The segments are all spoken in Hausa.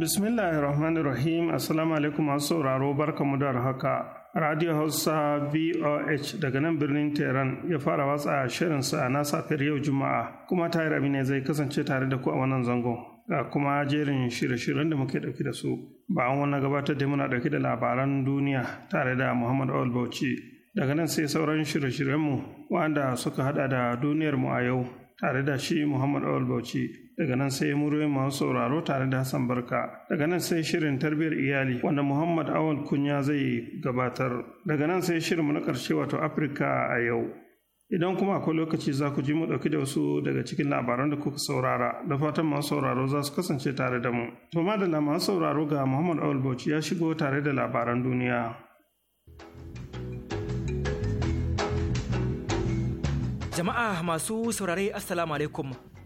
rahim Assalamu alaikum masu sauraro mu da haka. Radio Hausa VOH daga nan birnin Tehran ya fara watsa shirinsa na safiyar yau Juma'a kuma Tahir ne zai kasance tare da ku a wannan zangon. Ga kuma jerin shirye-shiryen da muke ɗauki da su. Ba an wannan gabatar da muna ɗauki da labaran duniya tare da Muhammad Awal Bauchi. Daga nan sai sauran shirye-shiryenmu wanda suka haɗa da duniyar mu a yau tare da shi Muhammad Awal Bauchi. daga nan sai murwe masu sauraro tare da Hassan Barka daga nan sai shirin tarbiyyar iyali wanda Muhammad Awal Kunya zai gabatar daga nan sai shirin mu na karshe wato Afirka a yau idan kuma akwai lokaci za ku ji mu dauki da wasu daga cikin labaran da kuka saurara da fatan masu sauraro za su kasance tare da mu to madalla masu sauraro ga Muhammad Awal Bauchi ya shigo tare da labaran duniya jama'a masu saurare assalamu alaikum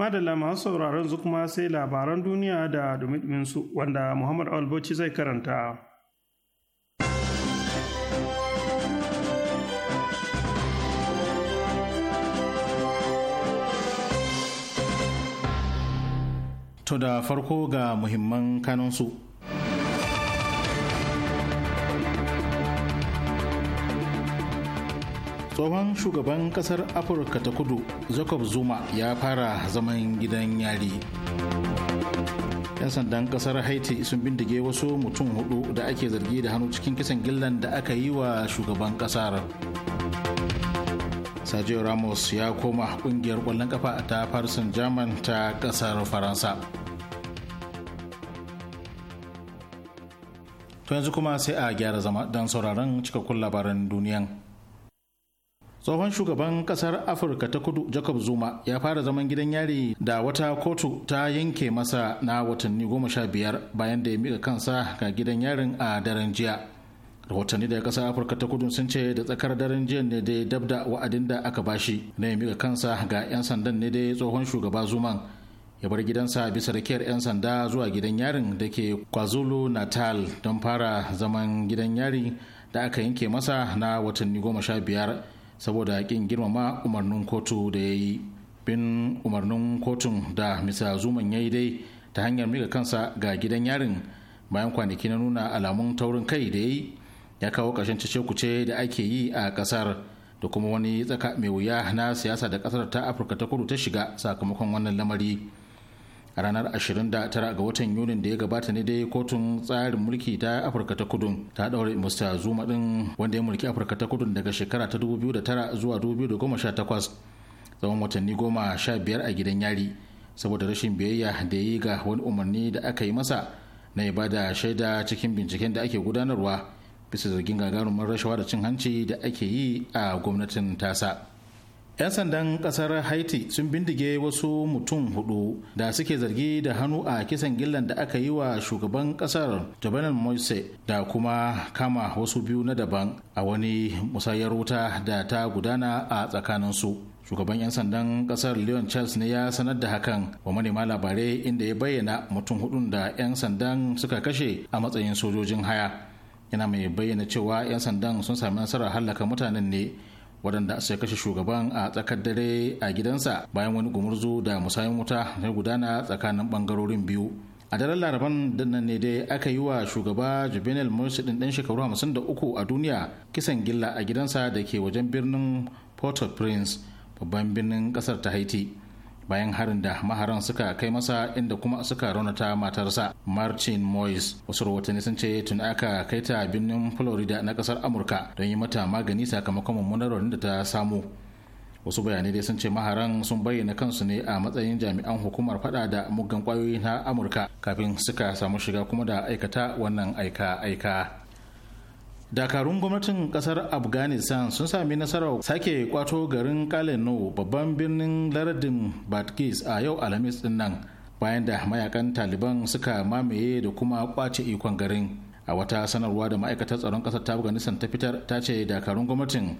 madalla masu sauraron zu kuma sai labaran duniya da dumi su wanda muhammad alboci zai karanta to da farko ga muhimman kanunsu tsohon shugaban kasar afirka ta kudu jacob zuma ya fara zaman gidan yari 'yan sandan kasar haiti sun bindige wasu mutum hudu da ake zargi da hannu cikin kisan gillan da aka yi wa shugaban kasar sergio ramos ya koma kungiyar kwallon kafa ta farsin german ta kasar faransa to yanzu kuma sai a gyara zama don sauraron cikakkun labaran duniyan tsohon shugaban kasar afirka ta kudu jacob zuma ya fara zaman gidan yari da wata kotu ta yanke masa na watanni goma sha biyar bayan da ya mika kansa ga gidan yarin a daren jiya rahotanni daga kasar afirka ta kudu sun ce da tsakar daren jiya ne da dabda wa'adin da aka bashi na ya mika kansa ga 'yan sandan ne dai tsohon shugaba zuman ya bar gidansa bisa rakiyar 'yan sanda zuwa gidan yarin da ke kwazulu natal don fara zaman gidan yari da aka yanke masa na watanni goma sha biyar saboda kin girmama umarnin kotu da ya yi bin umarnin kotun da misa zuman ya yi dai ta hanyar mika kansa ga gidan yarin bayan kwanaki na nuna alamun taurin kai da ya yi ya kawo ƙarshen cece-kuce da ake yi a ƙasar da kuma wani tsaka mai wuya na siyasa da ƙasar ta afirka ta kudu ta shiga sakamakon wannan lamari ranar 29 ga watan yunin da ya gabata ne dai kotun tsarin mulki ta afirka ta kudu ta daure mr zuma din wanda ya mulki afirka ta kudu daga shekara ta 2009 zuwa 2018 tsawon watanni goma sha biyar a gidan yari saboda rashin biyayya da ya yi ga wani umarni da aka yi masa na ya bada shaida cikin binciken da ake gudanarwa bisa zargin gagarumin rashawa da cin hanci da ake yi a gwamnatin tasa. 'Yan sandan kasar Haiti sun bindige wasu mutum hudu da suke zargi da hannu a kisan gillan da aka yi wa shugaban kasar Jovenel Moise da kuma kama wasu biyu na daban a wani musayar wuta da ta gudana a tsakaninsu. Shugaban 'yan sandan kasar Leon Charles ne ya sanar da hakan wa manema labarai inda ya bayyana mutum hudun da 'yan sandan suka kashe a matsayin sojojin haya. Yana mai bayyana cewa 'yan sandan sun sami nasarar hallaka mutanen ne. waɗanda sai kashe shugaban a tsakar dare a gidansa bayan wani gumurzu da musayin wuta ya gudana tsakanin ɓangarorin biyu a daren laraban dinnan ne dai aka yi wa shugaba juvenile morse din dan shekaru uku a duniya kisan gilla a gidansa da ke wajen birnin port-au-prince babban birnin kasar ta haiti bayan harin da maharan suka kai masa inda kuma suka raunata matarsa martin moyes wasu rahotanni sun ce tun aka kai ta birnin florida na kasar amurka don yi mata magani sakamakon mummunar da ta samu wasu bayanai dai sun ce maharan sun bayyana kansu ne a matsayin jami'an hukumar fada da muggan kwayoyi na amurka kafin suka samu shiga kuma da aikata wannan aika-aika dakarun gwamnatin kasar afghanistan sun sami nasarar sake kwato garin kaleno babban birnin lardin batkis a yau alhamis din nan bayan da mayakan taliban suka mamaye da kuma kwace ikon garin a wata sanarwa da ma'aikatar tsaron kasar ta afghanistan ta fitar ta ce dakarun gwamnatin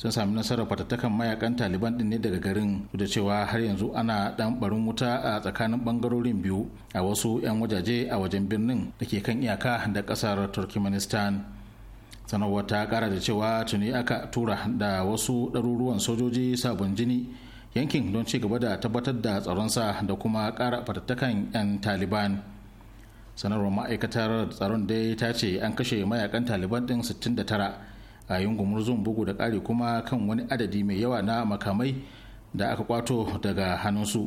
sun sami nasarar fatattakan mayakan taliban din ne daga garin da cewa har yanzu ana dan barin wuta a tsakanin bangarorin biyu a wasu 'yan wajaje a wajen birnin da ke kan iyaka da kasar turkmenistan sanarwar ta kara da cewa tuni aka tura da wasu ɗaruruwan sojoji sabon jini yankin don ci gaba da tabbatar da tsaronsa da kuma kara fatattakan 'yan taliban sanarwar ma'aikatar tsaron dai ta ce an kashe mayakan taliban ɗin 69 a yin gumurzun bugu da ƙari kuma kan wani adadi mai yawa na makamai da aka kwato daga hannunsu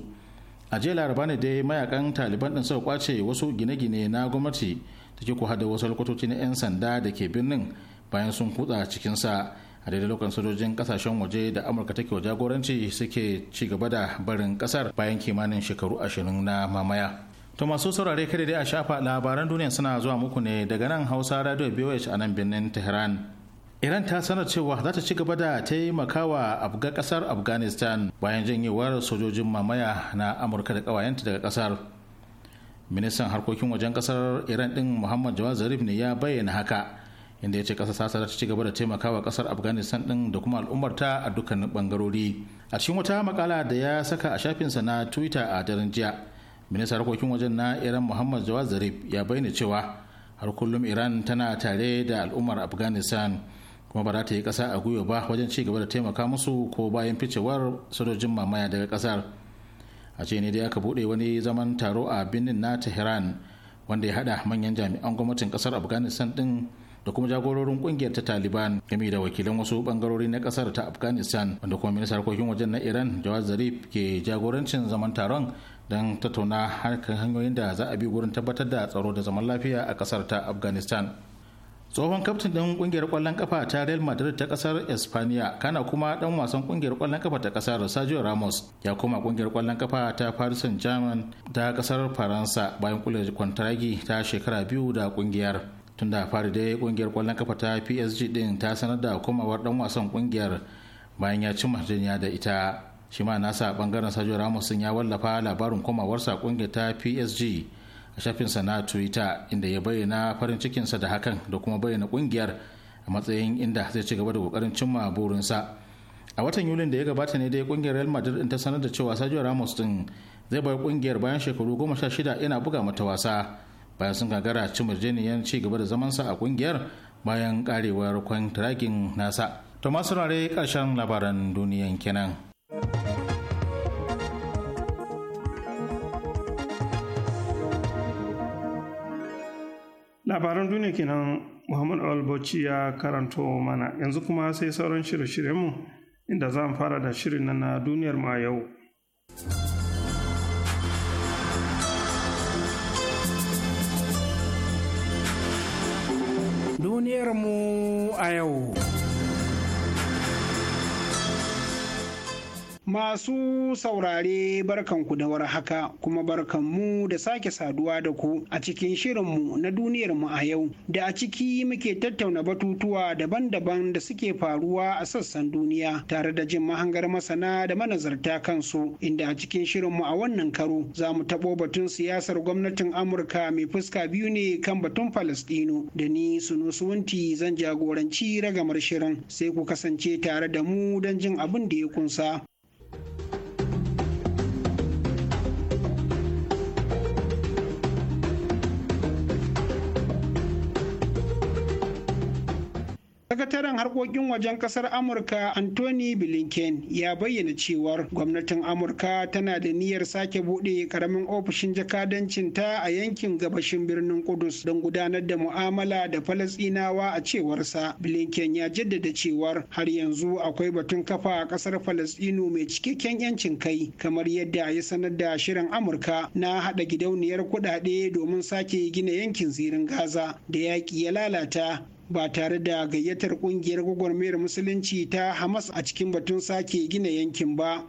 a jiya laraba ne dai mayakan taliban ɗin suka kwace wasu gine-gine na gwamnati take ku da wasu lokacin na 'yan sanda da ke birnin bayan sun kutsa cikin sa a daidai lokacin sojojin kasashen waje da amurka take wa jagoranci suke ci gaba da barin kasar bayan kimanin shekaru ashirin na mamaya to masu saurare kada dai a shafa labaran duniya suna zuwa muku ne daga nan hausa radio bwh a nan birnin tehran Iran ta sanar cewa za ta ci gaba da taimakawa abga kasar Afghanistan bayan janyewar sojojin mamaya na Amurka da ƙawayenta daga kasar. ministan harkokin wajen kasar iran din muhammad jawad zarif ne ya bayyana haka inda ya ce kasar sasa ta ci gaba da taimakawa kasar afghanistan din da kuma al'ummarta a dukkanin bangarori a cikin wata makala da ya saka a shafinsa na twitter a daren jiya ministan harkokin wajen na iran muhammad jawad zarif ya bayyana cewa har kullum iran tana tare da al'ummar afghanistan kuma ba za ta yi kasa a gwiwa ba wajen ci gaba da taimaka musu ko bayan ficewar sojojin mamaya daga kasar a ce ne dai aka bude wani zaman taro a birnin na tehran wanda ya hada manyan jami'an gwamnatin kasar afghanistan din da kuma jagororin kungiyar ta taliban game da wakilan wasu bangarori na kasar ta afghanistan wanda kuma ministan harkokin wajen na iran jawad zarif ke jagorancin zaman taron don tattauna harkar hanyoyin da za a bi wurin tabbatar da tsaro da zaman lafiya a kasar ta afghanistan tsohon kaftin ɗan ƙungiyar ƙwallon ƙafa ta real madrid ta ƙasar espaniya kana kuma ɗan wasan ƙungiyar ƙwallon ƙafa ta ƙasar sergio ramos ya koma ƙungiyar ƙwallon ƙafa ta paris saint germain ta ƙasar faransa bayan kula kwantaragi ta shekara biyu da ƙungiyar tun da fari dai ƙungiyar ƙwallon ƙafa ta psg ɗin ta sanar da komawar ɗan wasan ƙungiyar bayan ya ci jinya da ita shima ma nasa ɓangaren sergio ramos ya wallafa labarin komawarsa ƙungiyar ta psg a shafinsa na twitter inda ya bayyana farin cikinsa da hakan da kuma bayyana kungiyar a matsayin inda zai ci gaba da kokarin cimma burinsa a watan yulin da ya gabata ne dai kungiyar real madrid ta sanar da cewa sajiyar ramos din zai bar kungiyar bayan shekaru goma sha shida yana buga mata wasa bayan sun gagara cin yarjejeniyar ci gaba da zamansa a kungiyar bayan karewar kwantiragin nasa thomas rare karshen labaran duniyan kenan. labaran duniya kenan muhammad alboci ya karanto mana yanzu kuma sai sauran shirye mu inda za mu fara da shirin nan na duniyar ma yau duniyar mu a yau Masu saurare barkanku da warhaka, haka kuma barkanmu da sake saduwa da ku a cikin shirinmu na duniyarmu a yau da a ciki muke tattauna batutuwa daban-daban da suke faruwa a sassan duniya tare da jin mahangar masana da manazarta kansu inda a cikin shirinmu a wannan karo za mu taɓo batun siyasar gwamnatin Amurka mai fuska biyu ne kan batun Falastino da ni Sunusuwanti zan jagoranci ragamar shirin sai ku kasance tare da mu don jin abin da ya kunsa. sakataren harkokin wajen kasar amurka anthony blinken ya bayyana cewar gwamnatin amurka tana da niyyar sake buɗe karamin ofishin jakadancin ta a yankin gabashin birnin kudus don gudanar da mu'amala da falasɗinawa a cewarsa blinken ya jaddada cewar har yanzu akwai batun kafa a kasar falasɗinu mai cikakken yancin kai kamar yadda ya sanar da shirin amurka na haɗa gidauniyar kuɗaɗe domin sake gina yankin zirin gaza da yaƙi ya lalata ba tare da gayyatar kungiyar gwagwarmayar musulunci ta hamas a cikin batun sake gina yankin ba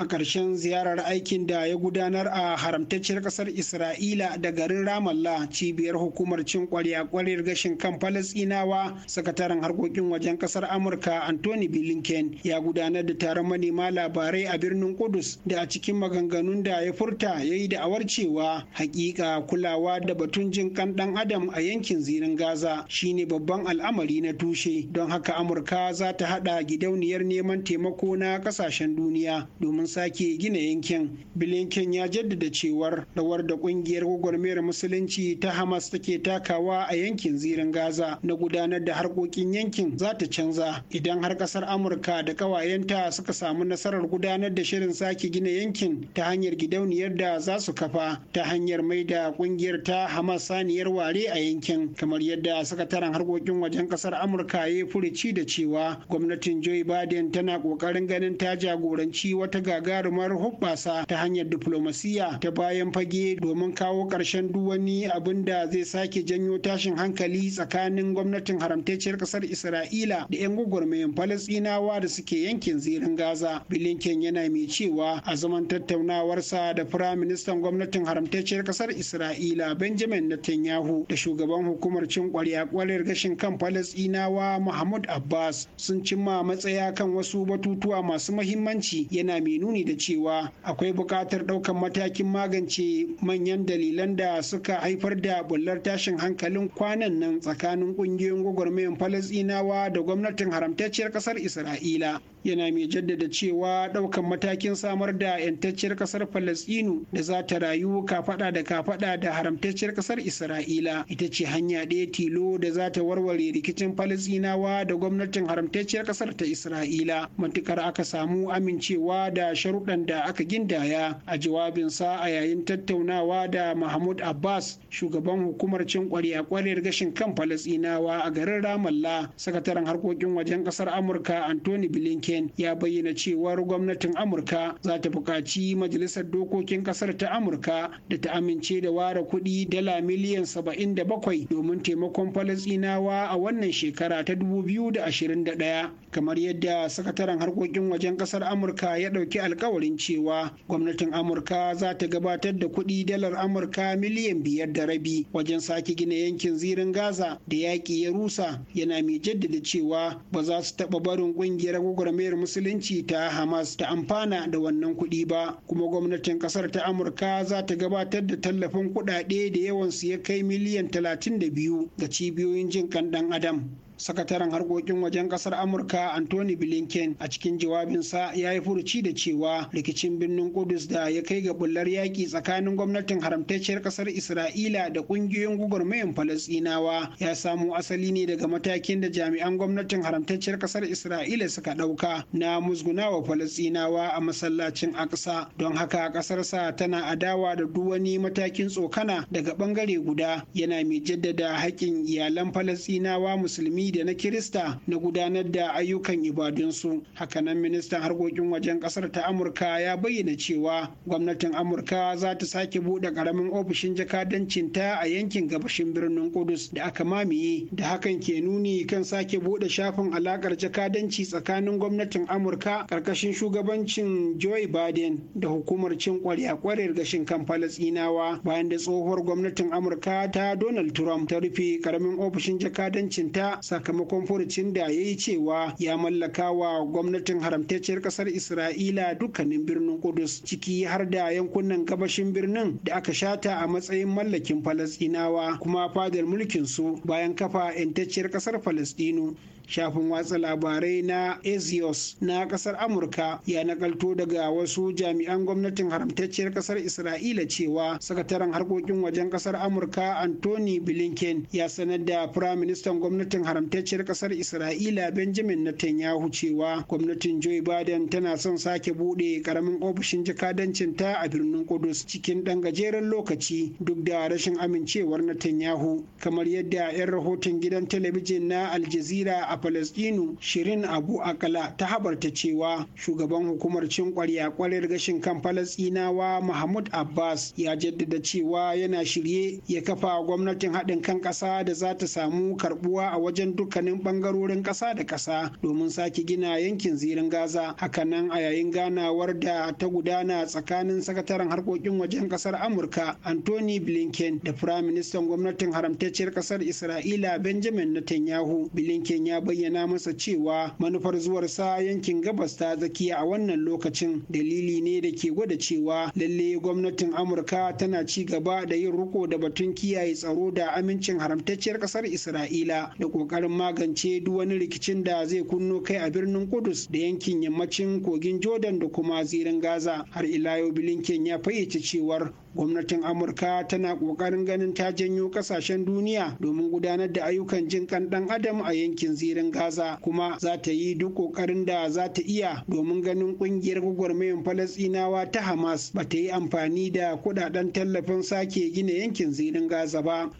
a ƙarshen ziyarar aikin da ya gudanar a haramtacciyar ƙasar isra'ila da garin ramallah cibiyar hukumar cin ƙwarya kwarir gashin kan falasinawa sakataren harkokin wajen ƙasar amurka anthony blinken ya gudanar da taron manema labarai a birnin kudus da a cikin maganganun da ya furta ya yi da'awar cewa haƙiƙa kulawa da batun jin kan ɗan adam a yankin zirin gaza shine babban al'amari na tushe don haka amurka za ta haɗa gidauniyar neman taimako na ƙasashen duniya domin sake gina yankin blinken ya jaddada cewar rawar da kungiyar gwagwarmayar musulunci ta hamas take takawa a yankin zirin gaza na gudanar da harkokin yankin za ta canza idan har kasar amurka da kawayenta suka samu nasarar gudanar da shirin sake gina yankin ta hanyar gidauniyar da za su kafa ta hanyar mai da kungiyar ta hamas saniyar ware a yankin kamar yadda sakataren harkokin wajen kasar amurka ya furici da cewa gwamnatin joe biden tana kokarin ganin ta jagoranci wata ga gagarumar hoɓɓasa ta hanyar diflomasiya ta bayan fage domin kawo ƙarshen duk wani abin da zai sake janyo tashin hankali tsakanin gwamnatin haramtacciyar ƙasar isra'ila da 'yan gwagwarmayin falasɗinawa da suke yankin zirin gaza bilinken yana mai cewa a zaman tattaunawarsa da firaministan gwamnatin haramtacciyar ƙasar isra'ila benjamin netanyahu da shugaban hukumar cin kwarya gashin kan falasɗinawa mahmud abbas sun cimma matsaya kan wasu batutuwa masu mahimmanci yana mai nuni da cewa akwai buƙatar ɗaukar matakin magance manyan dalilan da suka haifar da bullar tashin hankalin kwanan nan tsakanin ƙungiyoyin gwagwarmayan falasɗinawa da gwamnatin haramtacciyar ƙasar isra'ila yana mai jaddada cewa ɗaukan matakin samar da 'yantacciyar ƙasar Falasɗinu da za ta rayu kafaɗa da kafaɗa da haramtacciyar ƙasar Isra'ila ita ce hanya ɗaya tilo da za ta warware rikicin Falasɗinawa da gwamnatin haramtacciyar ƙasar ta Isra'ila matukar aka samu amincewa da sharuɗan da aka gindaya a jawabinsa a yayin tattaunawa da Mahmud Abbas shugaban hukumar cin ƙwarya-ƙwaryar gashin kan Falasɗinawa a garin Ramallah sakataren harkokin wajen ƙasar Amurka Antony Blinken ya bayyana cewar gwamnatin amurka za ta buƙaci majalisar dokokin ƙasar ta amurka da ta amince da ware kuɗi dala miliyan 77 domin taimakon falasinawa a wannan shekara ta 2021 kamar yadda sakataren harkokin wajen ƙasar amurka ya ɗauki alkawarin cewa gwamnatin amurka za ta gabatar da kuɗi dalar amurka miliyan biyar da rabi wajen sake gina yankin zirin gaza da yaƙi ya rusa yana mai jaddada cewa ba za su taɓa barin ƙungiyar gwagwarmaya gwagwarmayar musulunci ta hamas ta amfana da wannan kuɗi ba kuma gwamnatin ƙasar ta amurka za ta gabatar da tallafin kuɗaɗe da yawansu ya kai miliyan 32 ga cibiyoyin jin kan ɗan adam sakataren harkokin wajen kasar amurka anthony blinken a cikin jawabinsa ya yi furuci da cewa rikicin birnin kudus da ya kai ga bullar yaƙi tsakanin gwamnatin haramtacciyar kasar isra'ila da ƙungiyoyin gwagwarmayan falastinawa ya samo asali ne daga matakin da jami'an gwamnatin haramtacciyar kasar isra'ila suka ɗauka na musgunawa falasɗinawa a masallacin aksa don haka sa tana adawa da duk wani matakin tsokana daga ɓangare guda yana mai jaddada haƙƙin iyalan falasɗinawa musulmi da na kirista na gudanar da ayyukan ibadunsu hakanan ministan harkokin wajen kasar ta amurka ya bayyana cewa gwamnatin amurka za ta sake buɗe ƙaramin ofishin jakadancin ta a yankin gabashin birnin kudus da aka mamiye da hakan ke nuni kan sake buɗe shafin alaƙar jakadanci tsakanin gwamnatin amurka ƙarƙashin shugabancin joe biden da hukumar cin a kwarar gashin kan falasinawa bayan da tsohuwar gwamnatin amurka ta donald trump ta rufe ƙaramin ofishin jakadancinta sakamakon furucin da ya yi cewa ya mallaka wa gwamnatin haramtacciyar kasar isra'ila dukkanin birnin kudus ciki har da yankunan gabashin birnin da aka shata a matsayin mallakin Falasdinawa, kuma fadar mulkin su bayan kafa 'yantacciyar kasar Falasdinu. shafin watsa labarai na azios na kasar amurka ya nakalto daga wasu jami'an gwamnatin haramtacciyar kasar isra'ila cewa sakataren harkokin wajen kasar amurka anthony blinken ya sanar da firaministan gwamnatin haramtacciyar kasar isra'ila benjamin netanyahu cewa gwamnatin joe biden tana son sake buɗe karamin ofishin jakadancin ta a birnin kudus cikin ɗan gajeren lokaci duk da rashin amincewar netanyahu kamar yadda 'yan rahoton gidan talabijin na aljazira a a Falasɗinu Shirin Abu Akala ta habarta cewa shugaban hukumar cin kwarya kwarar gashin kan Falasɗinawa Mahmud Abbas ya jaddada cewa yana shirye ya kafa gwamnatin haɗin kan ƙasa da za ta samu karbuwa a wajen dukkanin ɓangarorin ƙasa da ƙasa domin sake gina yankin zirin Gaza. Hakanan a yayin ganawar da ta gudana tsakanin sakataren harkokin wajen ƙasar Amurka Anthony Blinken da Firaministan gwamnatin haramtacciyar ƙasar Isra'ila Benjamin Netanyahu. Blinken ya bayyana masa cewa manufar zuwar sa yankin gabas ta zakiya a wannan lokacin dalili ne da ke gwada cewa lalle gwamnatin amurka tana ci gaba da yin riko da batun kiyaye tsaro da amincin haramtacciyar kasar isra'ila da kokarin magance duk wani rikicin da zai kunno kai a birnin kudus da yankin yammacin kogin jordan da kuma zirin gaza har ila yau bilinken ya fayyace cewar gwamnatin amurka tana kokarin ganin ta janyo kasashen duniya domin gudanar da ayyukan jin kan dan adam a yankin zirin gidan gaza kuma za ta yi duk ƙoƙarin da za ta iya domin ganin ƙungiyar gwagwarmayar falasinawa ta hamas ba ta yi amfani da kuɗaɗen tallafin sake gina yankin zirin gaza ba.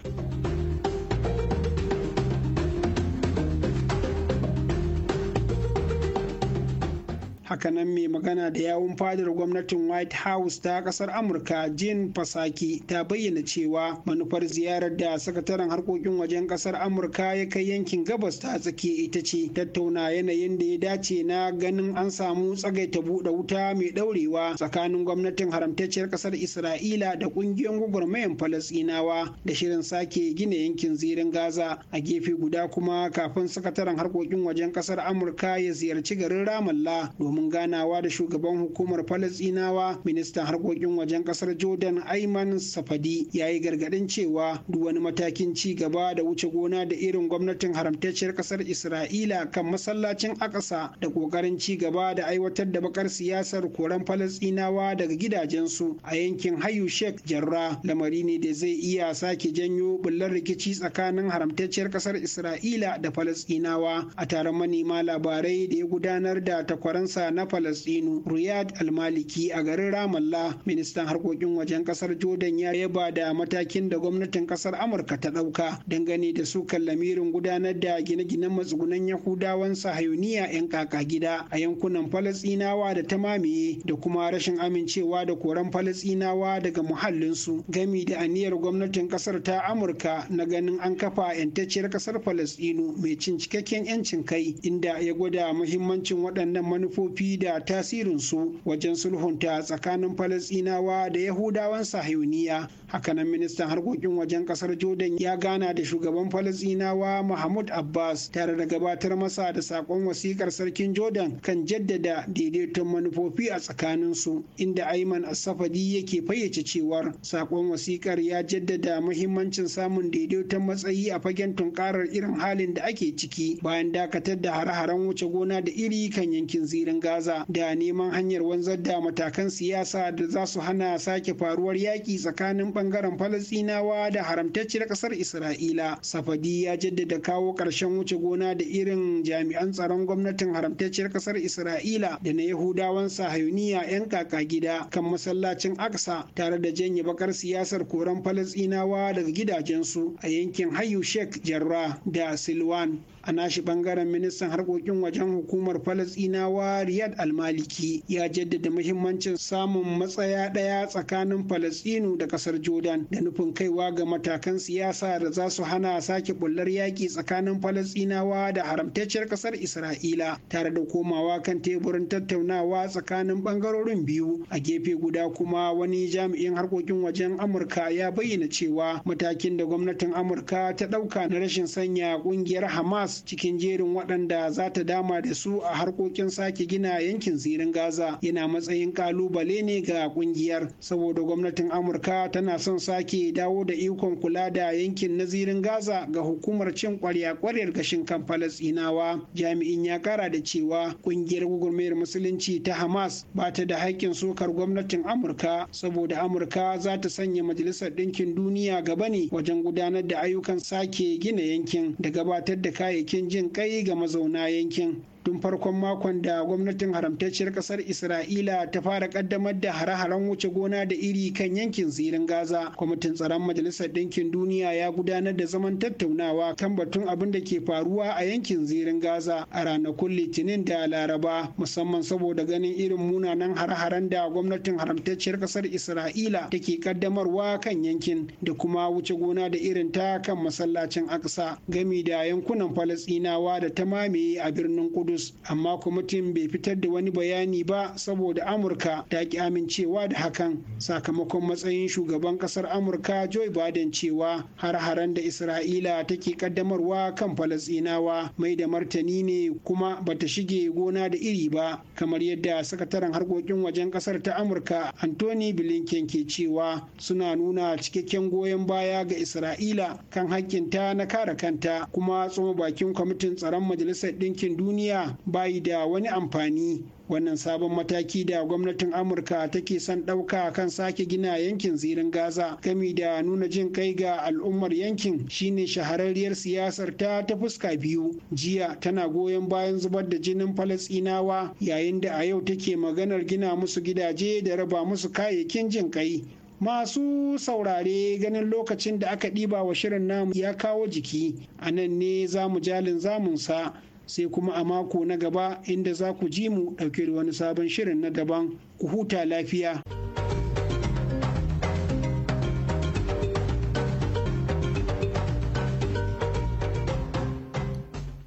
haka nan mai magana da yawun fadar gwamnatin white house ta kasar amurka jin fasaki ta bayyana cewa manufar ziyarar da sakataren harkokin wajen kasar amurka ya kai yankin gabas ta tsakiya ita ce tattauna yanayin da ya dace na ganin an samu tsagaita buɗe wuta mai ɗaurewa tsakanin gwamnatin haramtacciyar kasar isra'ila da ƙungiyoyin gwagwarmayan falasɗinawa da shirin sake gina yankin zirin gaza a gefe guda kuma kafin sakataren harkokin wajen kasar amurka ya ziyarci garin ramallah domin domin ganawa da shugaban hukumar falasinawa ministan harkokin wajen kasar jordan ayman safadi ya yi gargadin cewa duk wani matakin ci gaba da wuce gona da irin gwamnatin haramtacciyar kasar isra'ila kan masallacin akasa da kokarin ci gaba da aiwatar da bakar siyasar koran falasinawa daga gidajensu a yankin hayu sheikh jarra lamari ne da zai iya sake janyo bullar rikici tsakanin haramtacciyar kasar isra'ila da falasinawa a taron manema labarai da ya gudanar da takwaransa na Falasɗinu Riyad Almaliki a garin Ramallah ministan harkokin wajen kasar Jordan ya yaba da matakin da gwamnatin kasar Amurka ta ɗauka dangane da sukan lamirin gudanar da gine-ginen matsugunan Yahudawan Sahayuniya 'yan kaka gida a yankunan falastinawa da ta mamaye da kuma rashin amincewa da koran falastinawa daga muhallinsu gami da aniyar gwamnatin kasar ta Amurka na ganin an kafa 'yantacciyar kasar Falasɗinu mai cin cikakken 'yancin kai inda ya gwada muhimmancin waɗannan manufofi manufofi da tasirinsu wajen sulhunta tsakanin falasɗinawa da yahudawan sahiyuniya hakanan ministan harkokin wajen kasar jordan ya gana da shugaban falasinawa mahmud abbas tare da gabatar masa da sakon wasikar sarkin jordan kan jaddada daidaiton manufofi a tsakaninsu inda aiman asafadi yake fayyace cewar sakon wasikar ya jaddada muhimmancin samun daidaiton matsayi a fagen tunkarar irin halin da ake ciki bayan dakatar da hare-haren wuce gona da iri kan yankin zirin gaza da neman hanyar wanzar da matakan siyasa da za su hana sake faruwar yaƙi tsakanin bangaren falasinawa da haramtacciyar kasar isra'ila safadi ya jaddada kawo ƙarshen wuce gona da irin jami'an tsaron gwamnatin haramtacciyar kasar isra'ila da na yahudawan sahayuniya 'yan kaka gida kan masallacin aksa tare da janye bakar siyasar koren falasinawa daga gidajensu a yankin hayu sheikh jarrah da silwan a nashi bangaren ministan harkokin wajen hukumar falasinawa riyad almaliki ya jaddada muhimmancin samun matsaya ɗaya tsakanin falasinu da ƙasar jordan da nufin kaiwa ga matakan siyasa da za su hana sake bullar yaƙi tsakanin falasinawa da haramtacciyar ƙasar isra'ila tare da komawa kan teburin tattaunawa tsakanin bangarorin biyu a gefe guda kuma wani jami'in harkokin wajen amurka ya bayyana cewa matakin da gwamnatin amurka ta ɗauka na rashin sanya ƙungiyar hamas cikin jerin waɗanda za ta dama da su a harkokin sake gina yankin zirin gaza yana matsayin kalubale ne ga kungiyar saboda gwamnatin amurka tana son sake dawo da ikon kula da yankin na zirin gaza ga hukumar cin kwarya kwaryar gashin kan falasinawa jami'in ya kara da cewa kungiyar gwagwarmayar musulunci ta hamas ba ta da haƙƙin sokar gwamnatin amurka saboda amurka za ta sanya majalisar ɗinkin duniya gaba ne wajen gudanar da ayyukan sake gina yankin da gabatar da kayayyakin cikin jin kai ga mazauna yankin tun farkon makon da gwamnatin haramtacciyar kasar isra'ila ta fara kaddamar da hare-haren wuce gona da iri kan yankin zirin gaza kwamitin tsaron majalisar ɗinkin duniya ya gudanar da zaman tattaunawa kan batun abin da ke faruwa a yankin zirin gaza a ranakun litinin da laraba musamman saboda ganin irin munanan hare-haren da gwamnatin haramtacciyar kasar isra'ila take kaddamarwa kan yankin da kuma wuce gona da irin ta kan masallacin aksa gami da yankunan Falasinawa da ta mamaye a birnin kudus belarus amma kwamitin bai fitar da wani bayani ba saboda amurka ta ki amincewa da hakan sakamakon matsayin shugaban kasar amurka joe biden cewa har-haren da isra'ila take kaddamarwa kan falasinawa mai da martani ne kuma bata shige gona da iri ba kamar yadda sakataren harkokin wajen kasar ta amurka anthony blinken ke cewa suna nuna cikakken goyon baya ga isra'ila kan hakkinta na kare kanta kuma tsoma bakin kwamitin tsaron majalisar ɗinkin duniya duniya bayi da wani amfani wannan sabon mataki da gwamnatin amurka take son ɗauka kan sake gina yankin zirin gaza gami da nuna jin kai ga al'ummar yankin shine shahararriyar siyasar ta ta fuska biyu jiya tana goyon bayan zubar da jinin falasinawa yayin da a yau take maganar gina musu gidaje da raba musu kayayyakin jin kai masu saurare ganin lokacin da aka ɗiba wa shirin namu ya kawo jiki a nan ne zamu jalin zamunsa sai kuma a mako na gaba inda za ku ji mu ɗauke da wani sabon shirin na daban ku huta lafiya.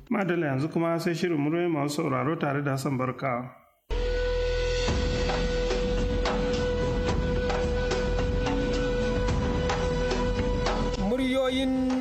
Madalla yanzu kuma sai shirin murmai masu sauraro tare da san Barka. Muryoyin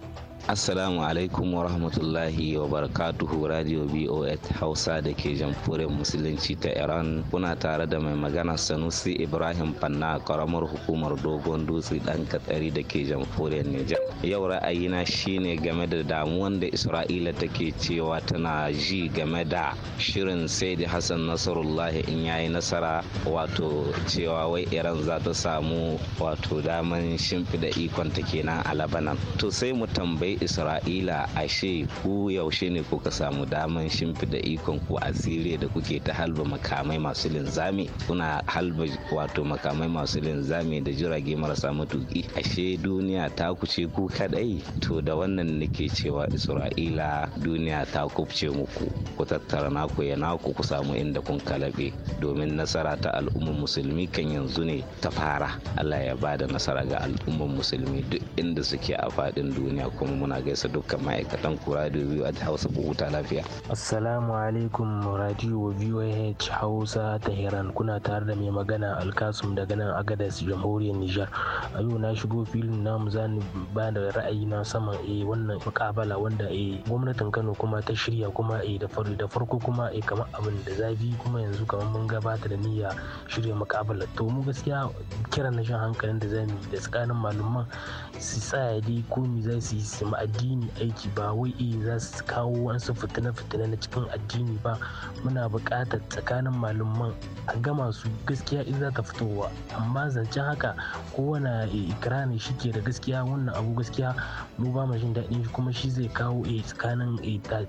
Assalamu alaikum wa rahmatullahi wa barakatuhu Radio BOS Hausa da ke jamhuriyar Musulunci ta Iran kuna tare da mai magana Sanusi Ibrahim Fanna karamar hukumar Dogon Dutse dan Katsari da ke jamhuriyar Nijar. Yau ra'ayina shine game da damuwan da Isra'ila take cewa tana ji game da shirin Saidi Hassan Nasarullah in yayi nasara wato cewa wai Iran za ta samu wato daman shimfida ta kenan a Labanan. To sai mu tambayi kai isra'ila ashe ku yaushe ne kuka samu daman shimfida ikon ku a siriya da kuke ta halba makamai masu linzami kuna halba wato makamai masu linzami da jirage marasa matuki ashe duniya ta kuce ku kadai to da wannan nake cewa isra'ila duniya ta kubce muku ku tattara naku ya naku ku samu inda kun kalabe domin nasara ta al'ummar musulmi kan yanzu ne ta fara allah ya ba da nasara ga al'ummar musulmi duk inda suke a faɗin duniya kuma muna gaisa dukkan ma'aikatan kura da biyu a hausa ku huta lafiya assalamu alaikum radio voh hausa Hiran kuna tare da mai magana alkasum daga nan Agadez jamhuriyar nijar a yau na shigo filin namu zani ba da ra'ayi na saman eh wannan mukabala wanda eh gwamnatin kano kuma ta shirya kuma eh da farko da farko kuma eh kamar abin da zafi kuma yanzu kamar mun gabata da niyya shirya mukabala to mu gaskiya kiran na shan hankalin da zamu da tsakanin malaman su tsaya dai mi za su yi samu addini aiki ba wai iya eh, za su kawo wasu fitina-fitina na cikin addini ba muna buƙatar tsakanin malaman a gama su gaskiya in za ta fitowa amma zancen haka kowane eh, ikirani shi ke da gaskiya wannan abu gaskiya mu ba mu jin daɗin kuma shi zai kawo eh, tsakanin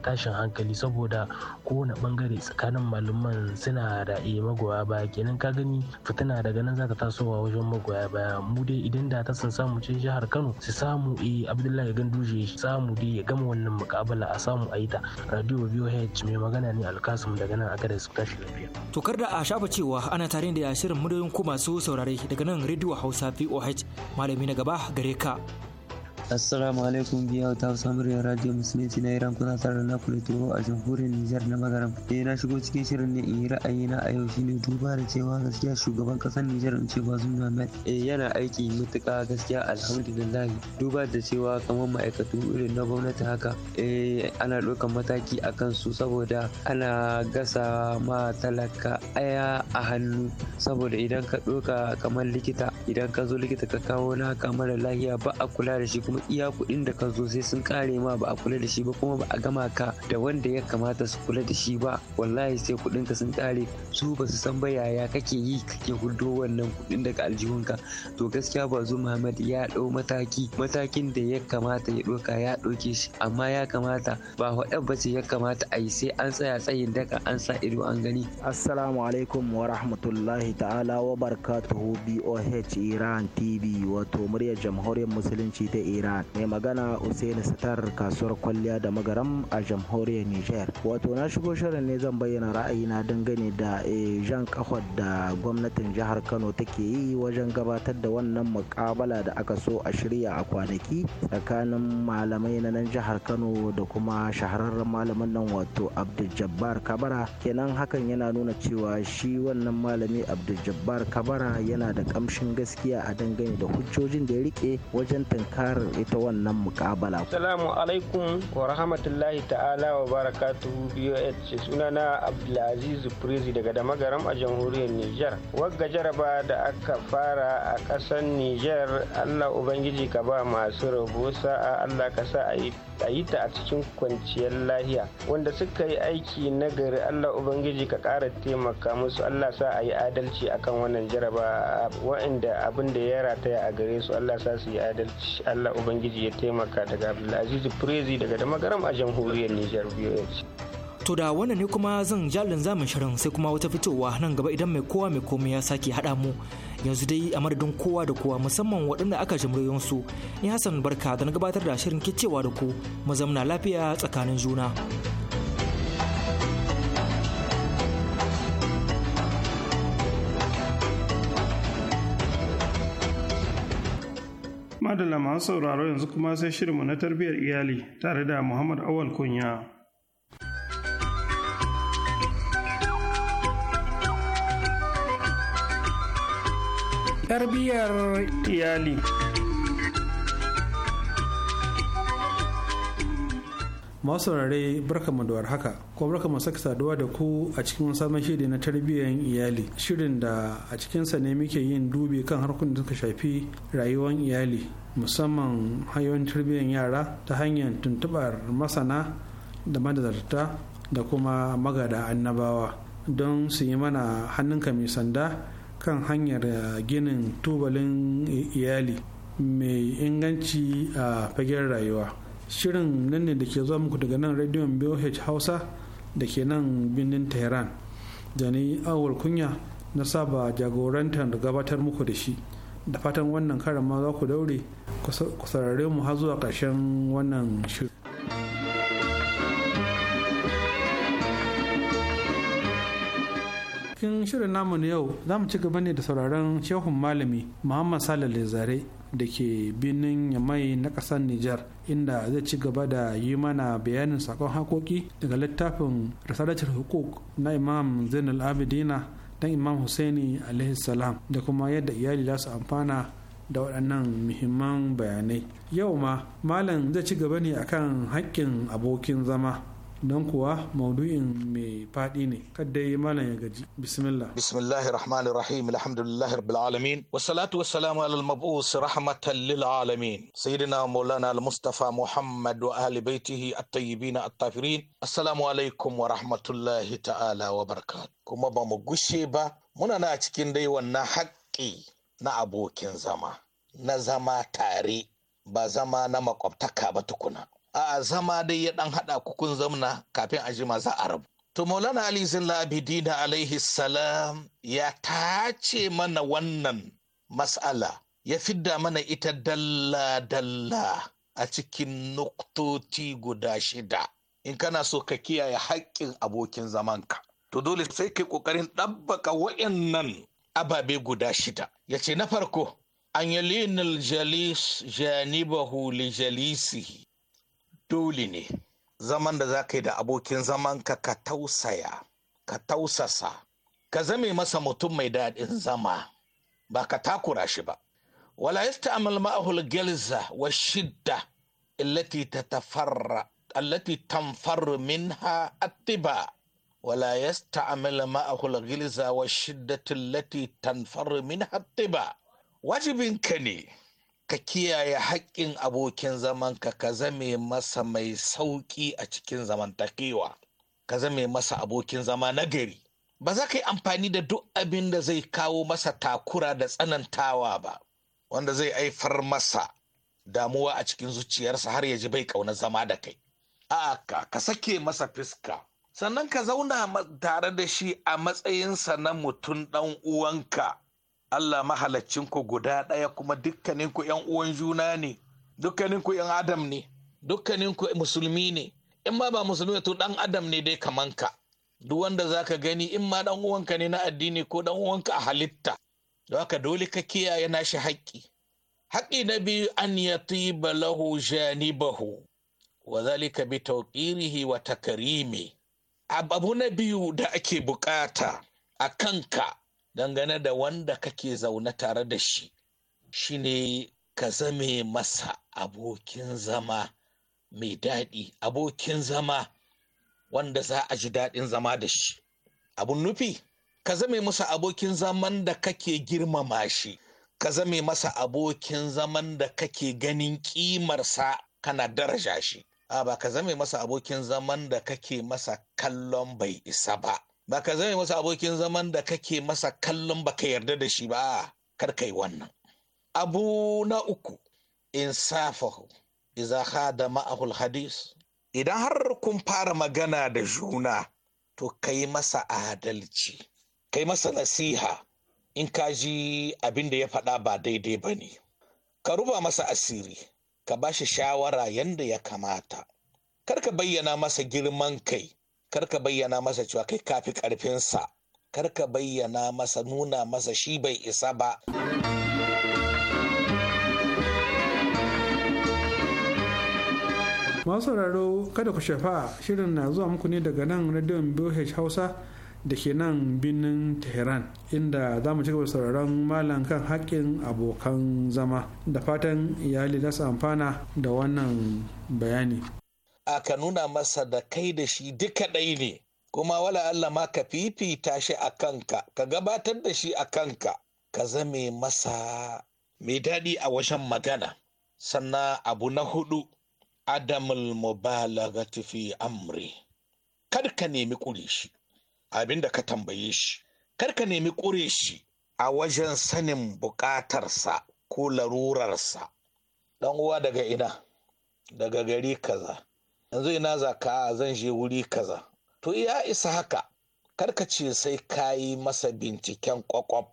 tashin hankali saboda kowane bangare tsakanin malaman suna da magoya baya kenan ka gani fitina daga nan za ta tasowa wajen magoya baya mu dai idan da ta san samu cin jihar kano su samu abdullahi ganduje ya samu dai ya gama wannan mukabala a samu a yi ta radio VOH mai magana ne alkasum daga nan aka da su tashi lafiya. To da a shafa cewa ana tare da shirin muryoyin ku masu saurare daga nan radio Hausa VOH malami na gaba gare ka. Assalamu alaikum biya ta samuriya Radio Musulunci na Iran kuna tare na kula turo a jamhuriyar Nijar na Magaram. Eh na shigo cikin shirin ne in yi ra'ayi na a yau shine duba da cewa gaskiya shugaban kasar Nijar in ce Bazoum Ahmed eh yana aiki mutuka gaskiya alhamdulillahi. duba da cewa kamar ma'aikatu irin na gwamnati haka eh ana ɗaukar mataki a kan su saboda ana gasa ma talaka aya a hannu saboda idan ka ɗauka kamar likita idan ka zo likita ka kawo na kamar lahiya ba a kula da shi kuma iya kuɗin da ka zo sai sun kare ma ba a kula da shi ba kuma ba a gama ka da wanda ya kamata su kula da shi ba wallahi sai kuɗin ka sun ƙare su ba su san ba yaya kake yi kake hudo wannan kuɗin daga aljihunka to gaskiya ba zo muhammad ya ɗau mataki matakin da ya kamata ya ɗauka ya ɗauke shi amma ya kamata ba faɗa ba ce ya kamata a yi sai an tsaya tsayin daka an sa ido an gani assalamu alaikum wa rahmatullahi ta'ala wa barakatuhu boh iran tv wato muryar jamhuriyar musulunci ta iran iran mai magana usaini sitar kasuwar kwalliya da magaram a jamhuriyar niger wato na shigo shirin ne zan bayyana ra'ayi na dangane da eh, jan kafar da gwamnatin jihar kano take yi wajen gabatar da wannan mukabala da aka so a shirya a kwanaki tsakanin malamai na nan jihar kano da kuma shahararren malamin nan wato abdul kabara kenan hakan yana nuna cewa shi wannan malami abdul kabara yana da kamshin gaskiya a dangane da hujjojin da ya rike wajen tunkarar ita wannan mukabala. Salamu alaikum wa rahmatullahi ta'ala wa barakatuhu BOH sunana Abdulaziz Prezi daga Damagaram a jamhuriyar Nijar. Wagga jaraba da aka fara a ƙasar Nijar Allah Ubangiji ka ba masu rabo sa'a Allah ka sa a yi ta a cikin kwanciyar lahiya wanda suka yi aiki na gari Allah Ubangiji ka ƙara taimaka musu Allah sa a yi adalci akan wannan jaraba wa'inda abin da ya rataya a gare su Allah sa su yi adalci Allah ubangiji ya taimaka daga abdulaziz prezi daga da magaram a jamhuriyar nijar voh to da wannan ne kuma zan jalin zamin shirin sai kuma wata fitowa nan gaba idan mai kowa mai komai ya sake haɗa mu yanzu dai a madadin kowa da kowa musamman waɗanda aka jimriyon su ni hassan barka da na gabatar da shirin kicewa da ku mu zamna lafiya tsakanin juna. adala masu sauraro yanzu kuma sai shirinmu na tarbiyyar iyali tare da muhammad awal kunya tarbiyyar iyali masu saurare mu da haka ko mu saka saduwa da ku a cikin sabon shiri na tarbiyyar iyali shirin da a cikinsa ne muke yin dubi kan harkun da suka shafi rayuwar iyali musamman hanyoyin tarbiyyar yara ta hanyar tuntubar masana da madazarta da kuma magada annabawa don su yi mana hannunka mai sanda kan hanyar ginin tubalin iyali mai inganci a fagen rayuwa shirin nan ne da ke zuwa muku daga nan rediyon boh hausa da ke nan birnin tehran da ni awal kunya na saba jagorantar da gabatar muku da shi da fatan wannan karan ma za ku daure ku sarare mu har zuwa ƙarshen wannan shirin cikin shirin namu na yau za mu ci gaba ne da sauraron shehun malami muhammad salale zare da ke birnin mai na ƙasar Nijar inda zai ci gaba da yi mana bayanin sakon hakoki daga littafin risalatul hukuk na Imam Zainul Abidina dan Imam Husaini alaihi da kuma yadda iyali za su amfana da waɗannan muhimman bayanai. Yau ma malam zai ci gaba ne akan haƙƙin abokin zama don kuwa maudu'in mai faɗi ne kaddai malam ya gaji bismillah bismillahi rahmani rahim alhamdulillahi rabbil alamin wassalatu wassalamu ala al-mab'us rahmatan lil alamin sayyidina maulana al-mustafa muhammad wa ahli baitihi at-tayyibin at-tafirin assalamu alaikum wa rahmatullahi ta'ala wa barakatuh kuma ba mu gushe ba muna na cikin dai wannan haƙƙi na abokin zama na zama tare ba zama na makwabtaka ba tukuna a zama dai ya dan hada kukun zamna kafin a jima za a rabu to maulana ali zillabidina alaihi salam ya tace mana wannan mas'ala ya fidda mana ita dalla dalla a cikin nuktoti guda shida in kana so ka kiyaye haƙƙin abokin zamanka to dole sai kai ƙoƙarin ɗabbaka waɗannan ababe guda shida ya ce na farko an yalinil jalis janibahu li jalisihi dole ne zaman da za ka yi da abokin zamanka ka tausaya ka tausasa ka zame masa mutum mai daɗin zama ba ka takura shi ba wala yasta'mal ma'ahul gilza wa shidda allati tatafarra allati tanfarru minha attiba wala yasta'mal ma'ahul gilza wa shiddati allati tanfarru minha attiba wajibin ka ne ka kiyaye haƙƙin abokin zamanka ka zame masa mai sauƙi a cikin zamantakewa ka zame masa abokin zama na gari ba za ka yi amfani da duk abin da zai kawo masa takura da tsanantawa ba wanda zai haifar masa damuwa a cikin zuciyarsa har ya ji bai ƙauna zama da kai a'a ka sake masa fiska sannan ka zauna tare da shi a matsayinsa na mutum ɗan uwanka Allah mahalaccinku guda ɗaya kuma dukkaninku ‘yan uwan juna ne, dukkaninku ‘yan Adam ne, dukkaninku musulmi ne, in ma ba musulmi to ɗan Adam ne dai kaman ka. Duk wanda za ka gani in ma ɗan uwanka ne na addini ko ɗan uwanka a halitta, da haka dole ka kiyaye nashi haƙƙi. Haƙƙi na biyu an tiba lahu bahu. wa zalika bi tawqirihi wa takarimi. Abu na biyu da ake buƙata a kanka dangane da wanda kake zaune tare da shi shine ka zame masa abokin zama mai daɗi abokin zama wanda za a ji daɗin zama da shi abun nufi ka zame masa abokin zaman da kake girmama shi ka zame masa abokin zaman da kake ganin ƙimarsa kana daraja shi a ba ka zame masa abokin zaman da kake masa kallon bai isa ba ba ka zame masa abokin zaman da kake masa kallon ba ka yarda da shi ba kar kai wannan abu na uku insafahu iza hada ma'ahul hadis idan har kun fara magana da juna to kai masa adalci kai masa nasiha in ka ji abin da ya faɗa ba daidai ba ne ka ruba masa asiri ka ba shi shawara yanda ya kamata kar ka bayyana masa girman kai kar ka bayyana masa cewa kai kafi karfinsa kar ka bayyana masa nuna masa shi bai isa ba masu sauraro kada ku shafa shirin na zuwa muku ne daga nan radiyon bh Hausa da ke nan birnin Tehran inda za mu ci gaba sauraron malam kan haƙƙin abokan zama da fatan iyali na su amfana da wannan bayani. aka nuna masa da kai da shi duka ɗai ne kuma wala Allah ma ka fifita shi a kanka ka gabatar da shi a kanka ka zame masa mai daɗi a wajen magana sannan abu na hudu adamul mubalagati fi amri kar ka nemi ƙure shi abin da ka tambaye shi kar ka nemi ƙure shi a wajen sanin buƙatarsa ko larurarsa ɗan uwa daga ina daga gari kaza yanzu ina zaka zan je wuri kaza to ya isa haka ce sai ka yi masa binciken kwakwaf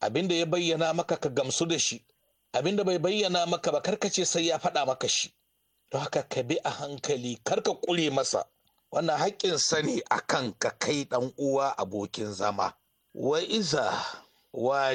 abinda ya bayyana maka ka gamsu da shi abinda bai bayyana maka ba ce sai ya faɗa maka shi To haka ka bi a hankali karka kure masa wannan haƙƙin sani a kan ka kai ɗan uwa abokin zama wa iza wa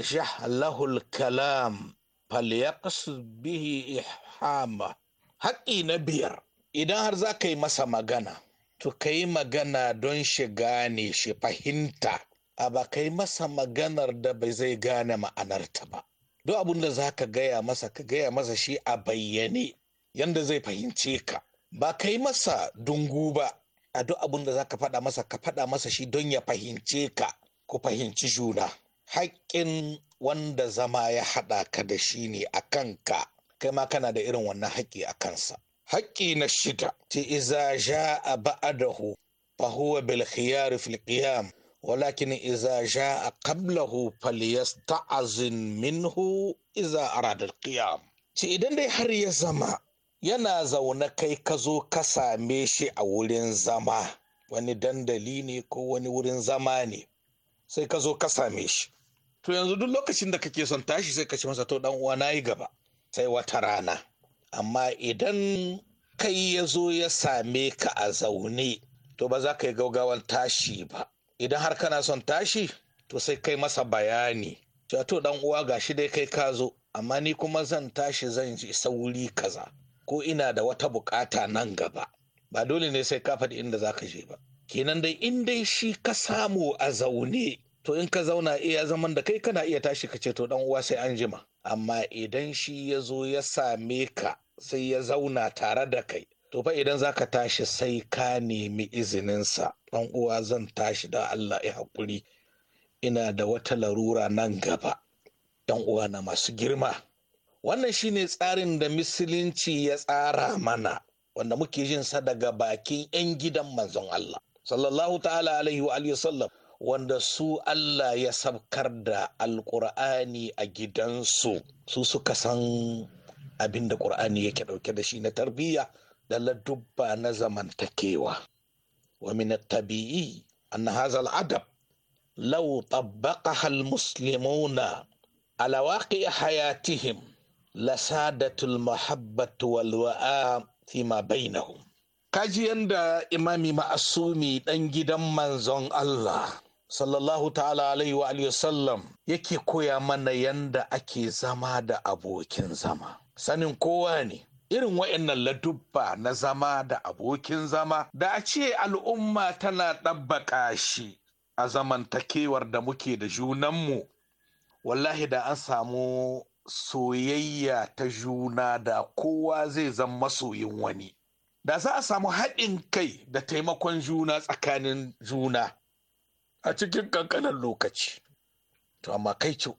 lahul kalam falyaqsid bihi ihama haƙƙi na biyar idan har za ka yi masa magana to ka yi magana don shi gane shi fahimta a ba ka yi masa maganar da bai zai gane ma'anarta ba duk abin da za ka gaya masa ka gaya masa shi a bayyane yanda zai fahimce ka ba ka yi masa dungu ba a duk abin da za ka faɗa masa ka faɗa masa shi don ya fahimce ka ku fahimci juna haƙƙin wanda zama ya haɗa ka da shi ne a kanka kai ma kana da irin wannan haƙƙi a kansa haƙƙi na shida ti iza a ba'adahu fa huwa bil khiyar fil qiyam walakin iza a qablahu falyasta'zin minhu iza arada al qiyam ci idan dai har ya zama yana zaune kai ka zo ka same shi a wurin zama wani dandali ne ko wani wurin zama ne sai ka zo ka same shi to yanzu duk lokacin da kake son tashi sai ka ci masa to dan uwa nayi gaba sai wata rana amma idan kai ya zo ya same ka a zaune to ba za ka yi gaugawan tashi ba idan har kana son tashi to sai kai masa bayani to dan uwa gashi dai kai ka zo amma ni kuma zan tashi zan ji sauri kaza ko ina da wata bukata nan gaba ba dole ne sai ka faɗi inda za ka je ba kenan dai in dai shi ka samu a zaune to in ka zauna iya eh, zaman da kai kana iya tashi ka ce to dan uwa sai an jima amma idan shi ya zo ya same ka sai ya zauna tare da kai to fa idan za ka tashi sai ka nemi izininsa ɗan uwa zan tashi da Allah ya haƙuri ina da wata larura nan gaba ɗan uwa na masu girma wannan shine tsarin da musulunci ya tsara mana wanda muke jin sa daga bakin 'yan gidan manzon Allah sallallahu ta'ala alaihi wa sallam wanda su Allah ya sabkar da alƙur'ani a gidansu su suka san abin da ƙur'ani yake ɗauke da shi na tarbiyya da ladubba na zamantakewa wa min tabi'i an hadha adab lau tabbaqaha al-muslimuna ala waqi' hayatihim lasadatu al-mahabbatu wal wa'a fi ma bainahum kaji yanda imami ma'asumi dan gidan manzon Allah sallallahu ta'ala alaihi wa sallam yake koya mana yanda ake zama da abokin zama sanin kowa ne irin wa'annan ladubba na zama da abokin zama da a ce al'umma tana ɗabbaƙa shi a zamantakewar da muke da junanmu wallahi da an samu soyayya ta juna da kowa zai zama masoyin wani da za a samu haɗin kai da taimakon juna tsakanin juna a cikin kankanin lokaci to amma kai ce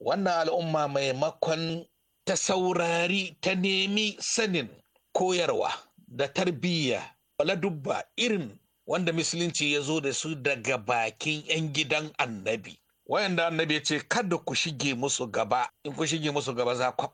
wannan al'umma maimakon ta saurari ta nemi sanin koyarwa da tarbiyya dubba irin wanda musulunci ya zo da su daga bakin 'yan gidan annabi wayanda annabi ya ce kada ku shige musu gaba in ku shige musu gaba za ku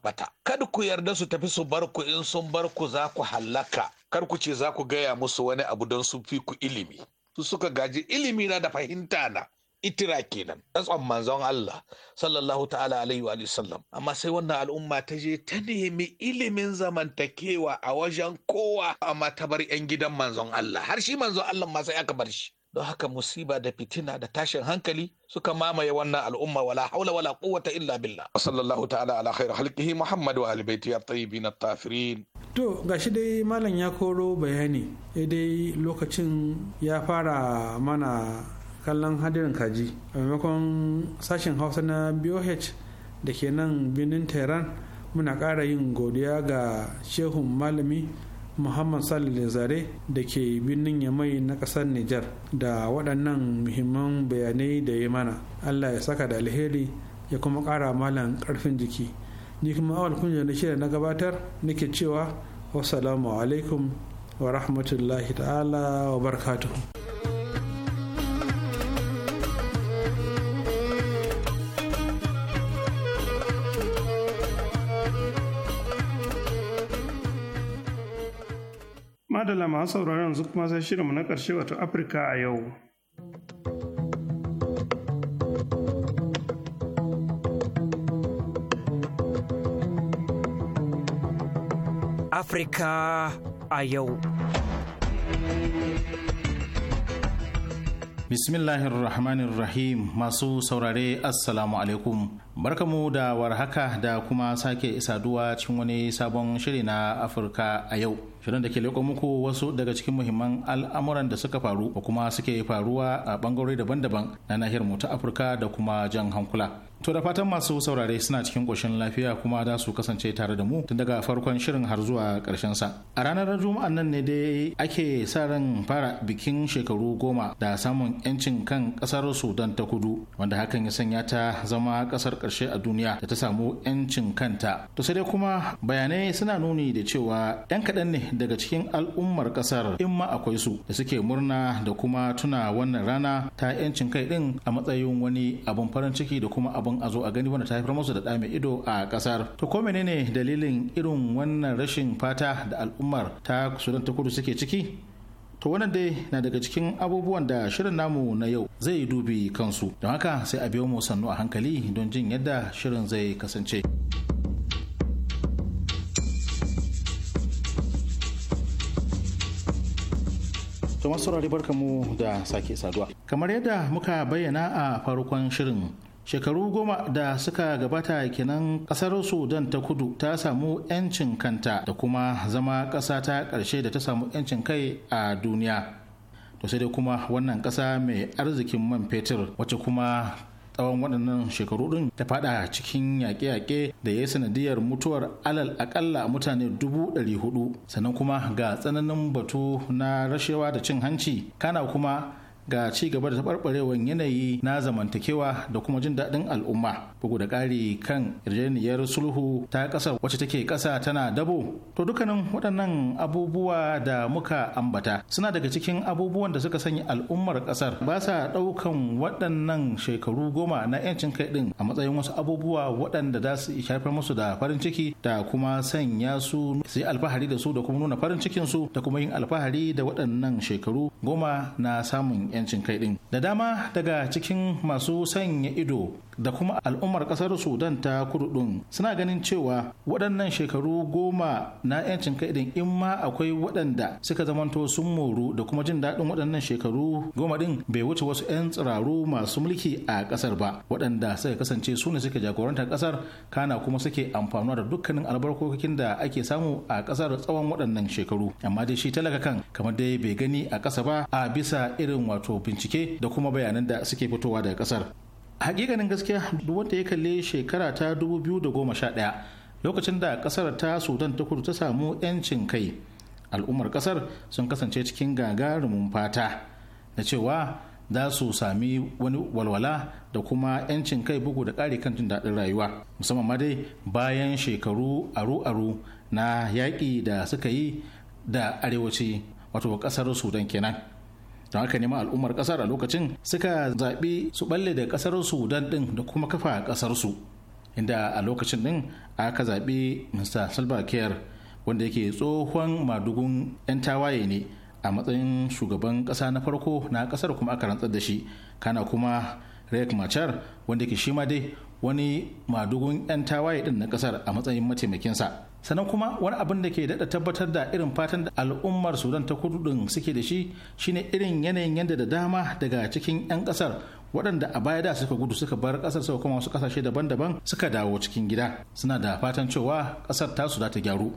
kada ku yarda su tafi su bar ku in sun bar ku za ku hallaka Karku ce za ku gaya musu wani abu don su fi ku ilimi su suka gaji ilimi na da fahimta na itira kenan tsatson manzon Allah sallallahu ta'ala alaihi wa sallam amma sai wannan al'umma ta je ta nemi ilimin zamantakewa a wajen kowa amma ta bar yan gidan manzon Allah har shi manzon Allah ma sai aka bar shi don haka musiba da fitina da tashin hankali suka mamaye wannan al'umma wala haula wala quwwata illa billah sallallahu ta'ala ala khair khalqihi muhammad wa ali baiti at-tayyibin at-tafirin to gashi dai malam ya koro bayani eh, dai lokacin ya fara mana kallon hadirin kaji a maimakon sashen hausa na boh da ke nan birnin tehran muna ƙara yin godiya ga shehun malami muhammad da zare da ke birnin yamai na kasar nijar da waɗannan muhimman bayanai da ya mana allah ya saka da alheri ya kuma ƙara malam ƙarfin jiki ni kuma awal kunya na shirya na gabatar nake cewa wasu alaikum wa rahmatullahi ta'ala wa barkatu. Madala masu sauraron yanzu kuma sai shirinmu na ƙarshe wato Afirka a yau. Afirka a yau. rahim masu saurare Assalamu alaikum. Barkamu da warhaka da kuma sake isa duwa cikin wani sabon shiri na Afirka a yau. shirin da ke leƙo muku wasu daga cikin muhimman al'amuran da suka faru ko kuma suke faruwa a bangarori daban-daban na nahiyar mu ta afirka da kuma jan hankula to da fatan masu saurare suna cikin ƙoshin lafiya kuma za su kasance tare da mu tun daga farkon shirin har zuwa ƙarshen sa a ranar juma'an nan ne dai ake sa ran fara bikin shekaru goma da samun 'yancin kan ƙasar sudan ta kudu wanda hakan ya sanya ta zama ƙasar ƙarshe a duniya da ta samu 'yancin kanta to sai dai kuma bayanai suna nuni da cewa 'yan kaɗan ne daga cikin al'ummar kasar in ma akwai su da suke murna da kuma tuna wannan rana ta 'yancin kai din a matsayin wani abun farin ciki da kuma abun a zo a gani wanda ta haifar musu da ɗa mai ido a kasar to ko menene dalilin irin wannan rashin fata da al'ummar ta sudan ta kudu suke ciki To wannan dai na daga cikin abubuwan da shirin namu na yau zai dubi kansu. Don haka sai a biyo mu sannu a hankali don jin yadda shirin zai kasance. da masu saurari barka mu da sake saduwa. Kamar yadda muka bayyana a farkon shirin shekaru goma da suka gabata kenan kasar sudan ta kudu ta samu 'yancin kanta da kuma zama kasa ta karshe da ta samu 'yancin kai a duniya to sai dai kuma wannan kasa mai arzikin man fetur wacce kuma tsawon waɗannan shekaru ɗin ta faɗa cikin yaƙe-yaƙe da ya sanadiyar mutuwar alal akalla mutane dubu ɗari hudu sannan kuma ga tsananin batu na rashewa da cin hanci kana kuma ga ci gaba da taɓarɓarewar yanayi na zamantakewa da kuma jin daɗin al'umma bugu da ƙari kan yarjejeniyar sulhu ta ƙasar wacce take ƙasa tana dabo to dukkanin waɗannan abubuwa da muka ambata suna daga cikin abubuwan da suka sanya al'ummar ƙasar ba sa ɗaukan waɗannan shekaru goma na 'yancin kai ɗin a matsayin wasu abubuwa waɗanda za su shafar musu da farin ciki da kuma sanya su su alfahari da su da kuma nuna farin cikinsu da kuma yin alfahari da waɗannan shekaru goma na samun 'yancin kai din da dama daga cikin masu sanya ido da kuma al'ummar kasar sudan ta kudu din suna ganin cewa waɗannan shekaru goma na 'yancin kai din in ma akwai waɗanda suka zamanto sun moru da kuma jin daɗin waɗannan shekaru goma din bai wuce wasu 'yan tsiraru masu mulki a ƙasar ba waɗanda suka kasance su ne suke jagorantar ƙasar kana kuma suke amfanuwa da dukkanin albarkokin da ake samu a ƙasar tsawon waɗannan shekaru amma dai shi talaka kan kamar dai bai gani a kasa ba a bisa irin wato wato bincike da kuma bayanan da suke fitowa daga kasar hakikanin gaskiya duk wanda ya kalle shekara ta dubu biyu da goma sha 2011 lokacin da kasar ta sudan ta kudu ta samu 'yancin kai al'ummar kasar sun kasance cikin gagarumin fata na cewa za su sami wani walwala da kuma 'yancin kai bugu da ƙari kan jin daɗin rayuwa musamman ma dai bayan shekaru aru-aru na yaƙi da suka yi da arewaci wato kasar sudan kenan don haka nema al'ummar kasar a lokacin suka zaɓi su balle da kasar sudan din da kuma kafa kasar su inda a lokacin din aka zaɓi mista salva wanda yake tsohon madugun 'yan tawaye ne a matsayin shugaban ƙasa na farko na ƙasar kuma aka rantsar da shi kana kuma rek machar wanda yake shi ma dai wani madugun 'yan tawaye din na ƙasar a matsayin mataimakinsa sannan kuma wani abin da ke daɗa tabbatar da irin fatan da al'ummar sudan ta kudu ɗin suke da shi shine irin yanayin yadda da dama daga cikin 'yan ƙasar waɗanda a baya da suka gudu suka bar ƙasar suka kuma wasu ƙasashe daban-daban suka dawo cikin gida suna da fatan cewa ƙasar tasu za ta gyaru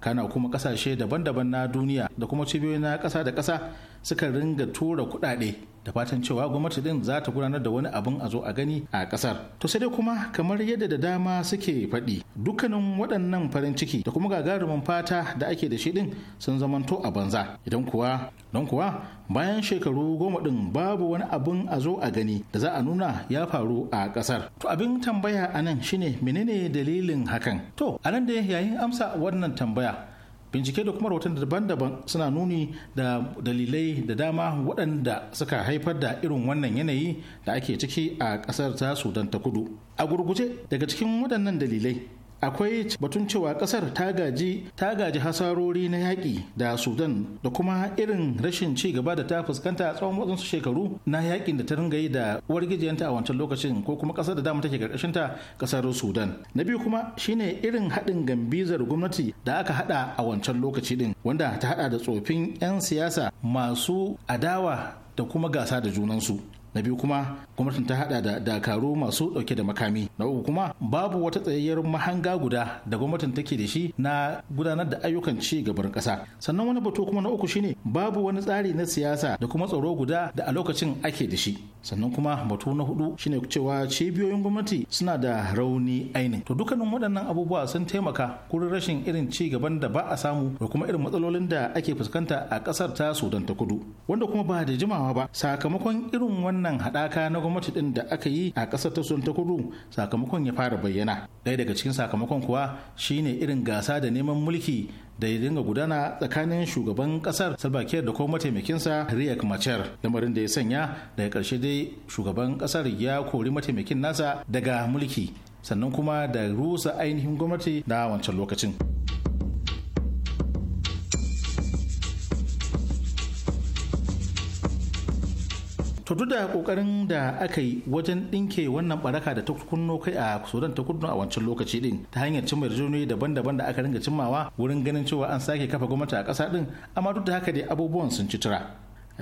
kana kuma ƙasashe daban-daban na duniya da kuma cibiyoyi na ƙasa da kasa. suka ringa tura kuɗaɗe da fatan cewa gwamnati din za ta gudanar da wani abin a zo a gani a ƙasar. to sai dai kuma kamar yadda da dama suke faɗi dukkanin waɗannan farin ciki da kuma gagarumin fata da ake da shi din sun zamanto a banza idan kuwa don kuwa bayan shekaru goma din babu wani abin a zo a gani da za a nuna ya faru a ƙasar. to abin tambaya anan shine menene dalilin hakan to anan da yayin amsa wannan tambaya bincike da kuma rahoton daban-daban suna nuni da dalilai da dama waɗanda suka haifar da irin wannan yanayi da ake ciki a ƙasar ta sudan ta kudu a gurguje daga cikin waɗannan dalilai akwai batun cewa kasar ta gaji ta gaji hasarori na yaƙi da sudan da kuma irin rashin ci gaba da ta fuskanta a tsawon wasu shekaru na yaƙin da ta ringa yi da wargijiyanta a wancan lokacin ko kuma kasar da dama take karkashin ta kasar sudan na biyu kuma shine irin haɗin gambizar gwamnati da aka haɗa a wancan lokaci din wanda ta haɗa da tsofin 'yan siyasa masu adawa da kuma gasa da junansu na biyu kuma gwamnatin ta hada da dakaru masu dauke da makami na uku kuma babu wata tsayayyar mahanga guda da gwamnatin take da shi na gudanar da ayyukan ci gaban kasa sannan wani batu kuma na uku shine babu wani tsari na siyasa da kuma tsaro guda da a lokacin ake da shi sannan kuma batu na hudu shine cewa cibiyoyin gwamnati suna da rauni ainin to dukkanin waɗannan abubuwa sun taimaka kurin rashin irin ci gaban da ba a samu da kuma irin matsalolin da ake fuskanta a ƙasar ta Sudan ta Kudu wanda kuma ba da jimawa ba sakamakon irin wannan wannan haɗaka na gwamnati ɗin da aka yi a ƙasar ta ta kudu sakamakon ya fara bayyana ɗaya daga cikin sakamakon kuwa shine irin gasa da neman mulki da ya dinga gudana tsakanin shugaban kasar Salva Kiir da kuma mataimakinsa Riek Machar lamarin da ya sanya daga karshe dai shugaban kasar ya kori mataimakin nasa daga mulki sannan kuma da rusa ainihin gwamnati na wancan lokacin. to duk da kokarin da aka yi wajen dinke wannan baraka da ta kunno kai a sudan ta kudu a wancan lokaci din ta hanyar cimma yarjejeniyoyi daban-daban da aka ringa cimmawa wurin ganin cewa an sake kafa gwamnati a ƙasa din amma duk da haka dai abubuwan sun ci tura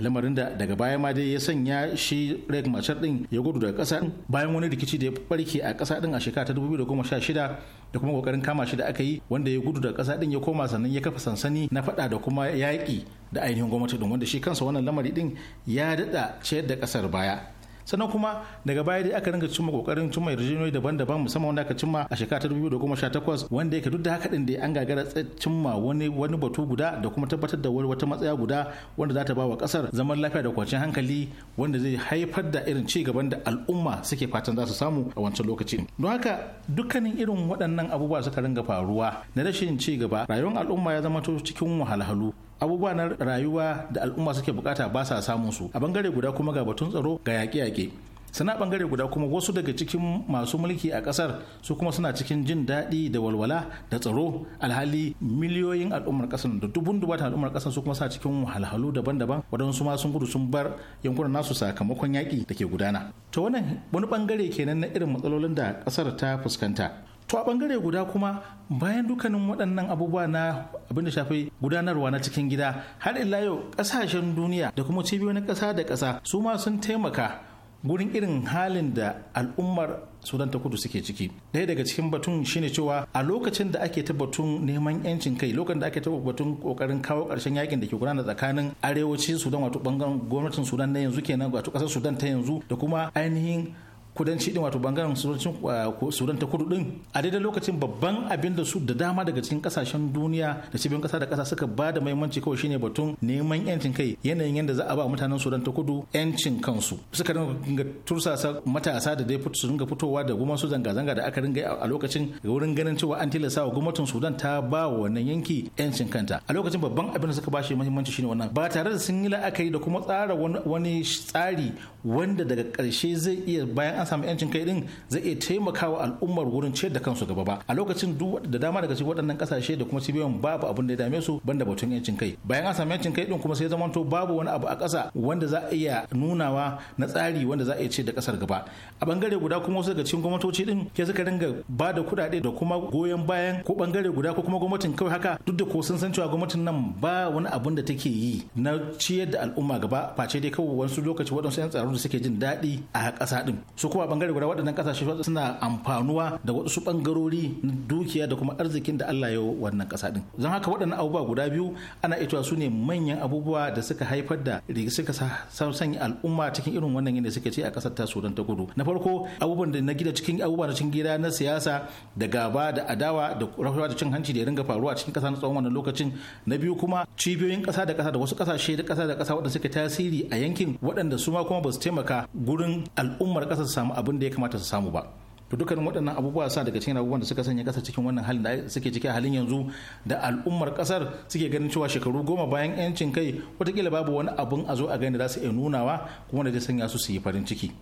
lamarin da daga baya ma dai ya sanya shi rek Machar din ya gudu daga kasa bayan wani rikici da ya barke a kasa din a shekara ta 2016 da kuma kokarin kama shi da aka yi wanda ya gudu daga kasa din ya koma sannan ya kafa sansani na fada da kuma yaƙi da ainihin gwamnati din wanda shi kansa wannan lamari din ya dada ciyar da kasar baya sannan kuma daga baya dai aka ringa cimma kokarin cimma yarjejeniyoyi daban-daban musamman wanda aka cimma a shekara ta 2018 wanda yake duk da haka din da an gagara cimma wani wani batu guda da kuma tabbatar da wata matsaya guda wanda za ta ba wa kasar zaman lafiya da kwanciyar hankali wanda zai haifar da irin ci gaban da al'umma suke fatan za su samu a wancan lokaci don haka dukkanin irin waɗannan abubuwa suka ringa faruwa na rashin ci gaba rayuwar al'umma ya zama cikin wahalhalu abubuwa na rayuwa da al'umma suke bukata ba sa samun su a bangare guda kuma ga batun tsaro ga yaƙe-yaƙe sana bangare guda kuma wasu daga cikin masu mulki a ƙasar su kuma suna cikin jin daɗi da walwala da tsaro alhali miliyoyin al'ummar kasar da dubun dubatan al'ummar kasar su kuma suna cikin wahalhalu daban-daban waɗansu ma sun gudu sun bar yankunan nasu sakamakon yaƙi da ke gudana to wannan wani bangare kenan na irin matsalolin da ƙasar ta fuskanta to a bangare guda kuma bayan dukkanin waɗannan abubuwa na abin da shafi gudanarwa na cikin gida har illa yau ƙasashen duniya da kuma cibiyoyin ƙasa da ƙasa su ma sun taimaka gurin irin halin da al'ummar sudan ta kudu suke ciki ɗaya daga cikin batun shine cewa a lokacin da ake ta batun neman yancin kai lokacin da ake ta batun kokarin kawo ƙarshen yakin da ke gudana tsakanin arewacin sudan wato bangaren gwamnatin sudan na yanzu kenan wato ƙasar sudan ta yanzu da kuma ainihin kudanci din wato bangaren uh, sudan ta kudu din a daidai lokacin babban abin da su da dama daga cikin kasashen duniya da cibiyar kasa da kasa suka ba da muhimmanci kawai shine batun neman yancin kai yanayin yadda za a ba mutanen sudan ta kudu yancin kansu suka dinga tursasa matasa da dai su dinga fitowa da goma zanga-zanga da aka ringa a lokacin ga wurin ganin cewa an tilasta wa gwamnatin sudan ta ba wa wannan yanki yancin kanta a lokacin babban abin da suka shi muhimmanci shine wannan ba tare da sun yi la'akari da kuma tsara wani tsari wanda daga karshe zai iya bayan an samu yancin kai din zai iya taimakawa al'ummar wurin ciyar da kansu gaba ba a lokacin duk da dama daga cikin waɗannan kasashe da kuma cibiyoyin babu abin da ya dame su banda batun yancin kai bayan an samu yancin kai din kuma sai zamanto babu wani abu a ƙasa wanda za a iya nunawa na tsari wanda za a iya ciyar da ƙasar gaba a bangare guda kuma wasu daga cikin gwamnatoci din ke suka dinga ba da kuɗaɗe da kuma goyon bayan ko bangare guda ko kuma gwamnatin kawai haka duk da ko sun san cewa gwamnatin nan ba wani abun da take yi na ciyar da al'umma gaba face dai kawai wasu lokaci waɗansu 'yan tsaron da suke jin daɗi a ƙasa din su kuma bangare guda waɗannan kasashe suna amfanuwa da wasu bangarori na dukiya da kuma arzikin da Allah ya wannan kasa din don haka waɗannan abubuwa guda biyu ana ita su ne manyan abubuwa da suka haifar da suka sanya al'umma cikin irin wannan yadda suka ce a kasar ta Sudan ta Kudu na farko abubuwan da na gida cikin abubuwa na cikin gida na siyasa da gaba da adawa da rafawa da cin hanci da ya ringa faruwa cikin kasa na tsawon wannan lokacin na biyu kuma cibiyoyin kasa da kasa da wasu kasashe da kasa da kasa waɗanda suke tasiri a yankin waɗanda su ma kuma ba su taimaka gurin al'ummar kasar samu abin da ya kamata su samu ba to dukkanin waɗannan abubuwa sa daga cikin abubuwan da suka sanya ƙasar cikin wannan halin da suke ciki a halin yanzu da al'ummar ƙasar suke ganin cewa shekaru goma bayan yancin kai watakila babu wani abin a zo a gani da za su iya nunawa kuma da zai sanya su su yi farin ciki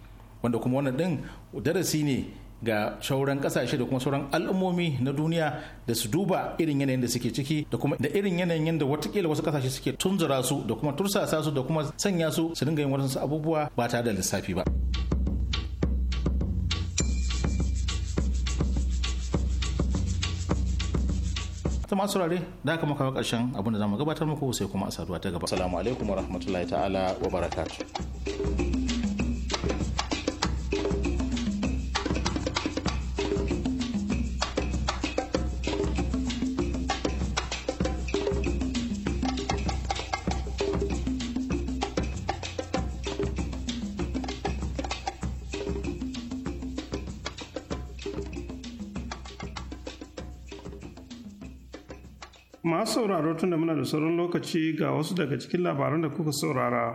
wanda kuma wannan ɗin darasi ne ga sauran ƙasashe da kuma sauran al'ummomi na duniya da su duba irin yanayin da suke ciki da kuma da irin yanayin yadda watakila wasu ƙasashe suke tunzura su da kuma tursasa su da kuma sanya su su dinga yin wasu abubuwa ba tare da lissafi ba. kuma rare da aka maka karshen abunda za zamu gabatar muku sai kuma a saduwa ta gaba assalamu alaikum warahmatullahi ta'ala wa barakatuh sauraro da muna da sauran lokaci ga wasu daga cikin labaran da kuka saurara.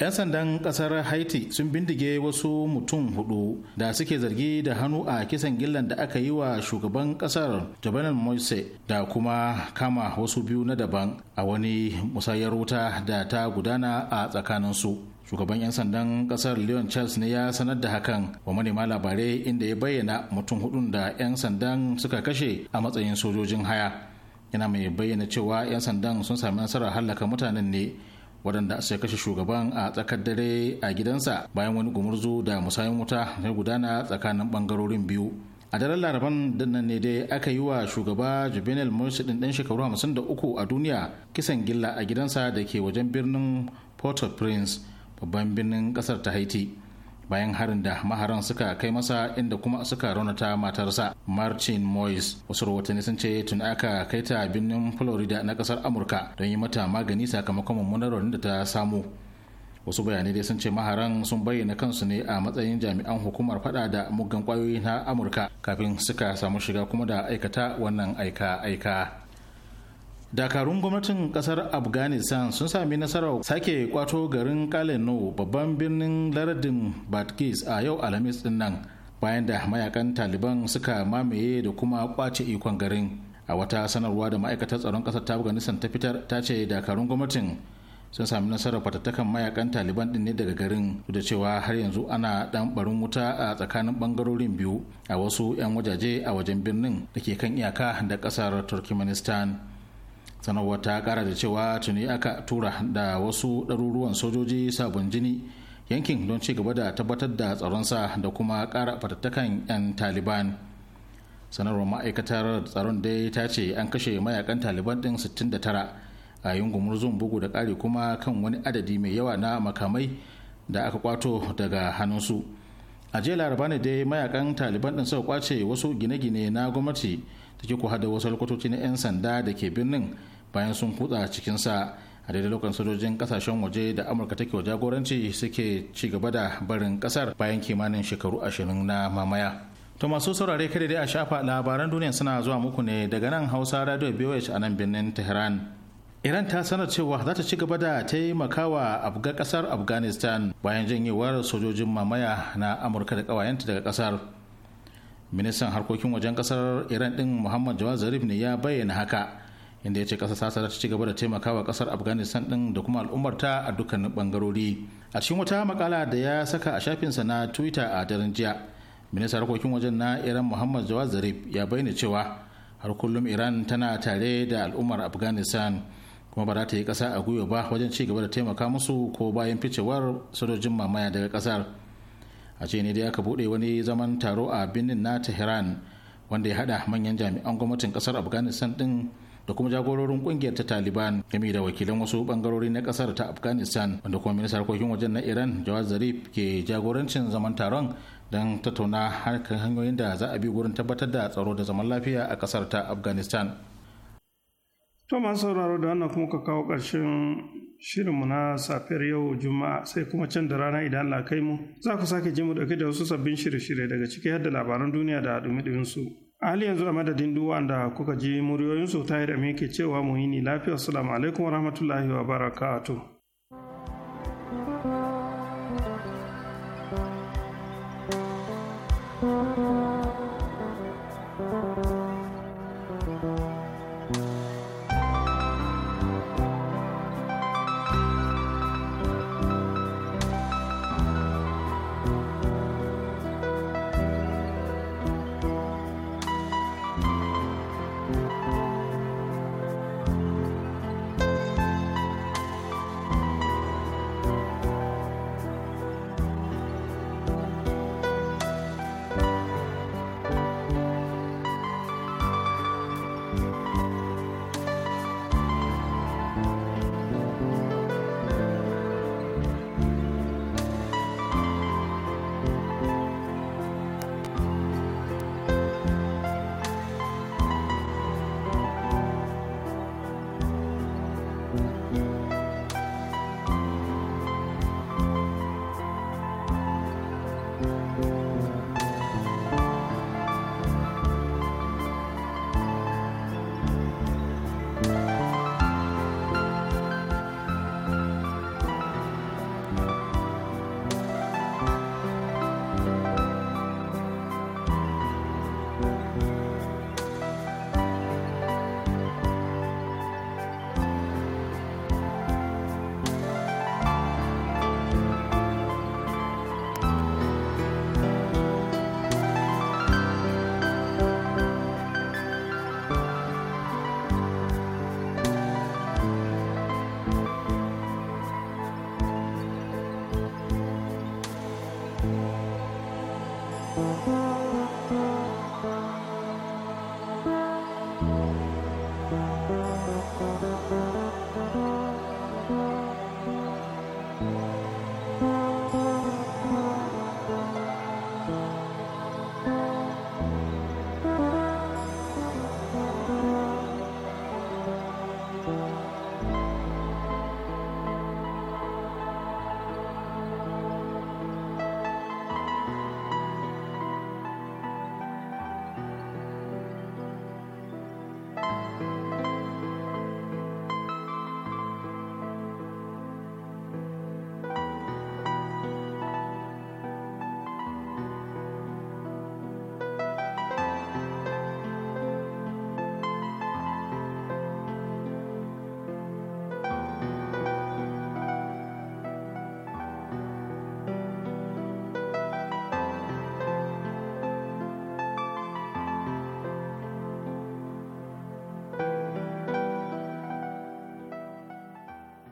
'Yan sandan kasar Haiti sun bindige wasu mutum hudu da suke zargi da hannu a kisan gillan da aka yi wa shugaban kasar Jovenel Moise da kuma kama wasu biyu na daban a wani musayar wuta da ta gudana a tsakaninsu. shugaban 'yan sandan kasar leon charles ne ya sanar da hakan wa manema labarai inda ya bayyana mutum hudun da 'yan sandan suka kashe a matsayin sojojin haya yana mai bayyana cewa 'yan sandan sun sami nasarar hallaka mutanen ne waɗanda sai kashe shugaban a tsakar dare a gidansa bayan wani gumurzu da musayin wuta na gudana tsakanin ɓangarorin biyu a daren laraban dinnan ne dai aka yi wa shugaba juvenal morsi din ɗan shekaru hamsin da uku a duniya kisan gilla a gidansa da ke wajen birnin port-au-prince babban birnin ƙasar ta haiti bayan harin da maharan suka kai masa inda kuma suka raunata matarsa martin moyes wasu rahotanni sun ce tun aka kai ta birnin florida na kasar amurka don yi mata magani sakamakon mummunar da ta samu wasu bayanai dai sun ce maharan sun bayyana kansu ne a matsayin jami'an hukumar fada da mugan kwayoyi na amurka kafin suka samu shiga kuma da aikata wannan aika-aika dakarun gwamnatin kasar afghanistan sun sami nasarar sake kwato garin kaleno babban birnin lardin batkis a yau alhamis din nan bayan da mayakan taliban suka mamaye da kuma kwace ikon garin a wata sanarwa da ma'aikatar tsaron kasar ta afghanistan ta fitar ta ce dakarun gwamnatin sun sami nasarar fatattakan mayakan taliban din ne daga garin da cewa har yanzu ana dan barin wuta a tsakanin bangarorin biyu a wasu 'yan wajaje a wajen birnin da ke kan iyaka da kasar turkmenistan sanarwar ta kara da cewa tuni aka tura da wasu ɗaruruwan sojoji sabon jini yankin don ci gaba da tabbatar da tsaronsa da kuma kara fatattakan 'yan taliban sanarwar ma'aikatar tsaron dai ta ce an kashe mayakan taliban ɗin 69 a yin gumurzun bugu da ƙari kuma kan wani adadi mai yawa na makamai da aka kwato daga hannunsu a jiya laraba ne dai mayakan taliban ɗin suka kwace wasu gine-gine na gwamnati take ku hada wasu lokutoci na 'yan sanda da ke birnin bayan sun kutsa cikin sa a daidai lokacin sojojin kasashen waje da amurka take wa jagoranci suke ci gaba da barin kasar bayan kimanin shekaru ashirin na mamaya to masu saurare kada da a shafa labaran duniya suna zuwa muku ne daga nan hausa radio bwh a nan birnin tehran Iran ta sanar cewa za ta ci gaba da taimakawa ga kasar Afghanistan bayan janyewar sojojin mamaya na Amurka da ƙawayenta daga kasar. ministan harkokin wajen kasar iran din muhammad jawad zarif ne ya bayyana haka inda ya ce kasar sasa ta ci gaba da taimakawa kasar afghanistan din da kuma al'ummarta a dukkanin bangarori a cikin wata makala da ya saka a shafinsa na twitter a daren jiya ministan harkokin wajen na iran muhammad jawad zarif ya bayyana cewa har kullum iran tana tare da al'ummar afghanistan kuma ba za ta yi kasa a gwiwa ba wajen ci gaba da taimaka musu ko bayan ficewar sojojin mamaya daga kasar a ce ne dai aka bude wani zaman taro a birnin na tehran wanda ya hada manyan jami'an gwamnatin kasar afghanistan din da kuma jagororin kungiyar ta taliban game da wakilan wasu bangarori na kasar ta afghanistan wanda kuma ministan harkokin wajen na iran jawad zarif ke jagorancin zaman taron don tattauna harkar hanyoyin da za a bi wurin tabbatar da tsaro da zaman lafiya a kasar ta afghanistan To masu sauraro da wannan kuma ka kawo ƙarshen shirinmu na safiyar yau juma'a sai kuma can da rana idan Allah kai mu za ku sake jin mu dauke da wasu sabbin shirye-shirye daga ciki har da labaran duniya da dumi su Ali yanzu a madadin duk wanda kuka ji muryoyinsu ta yi da ke cewa mu yi ni lafiya assalamu alaikum wa rahmatullahi wa barakatuh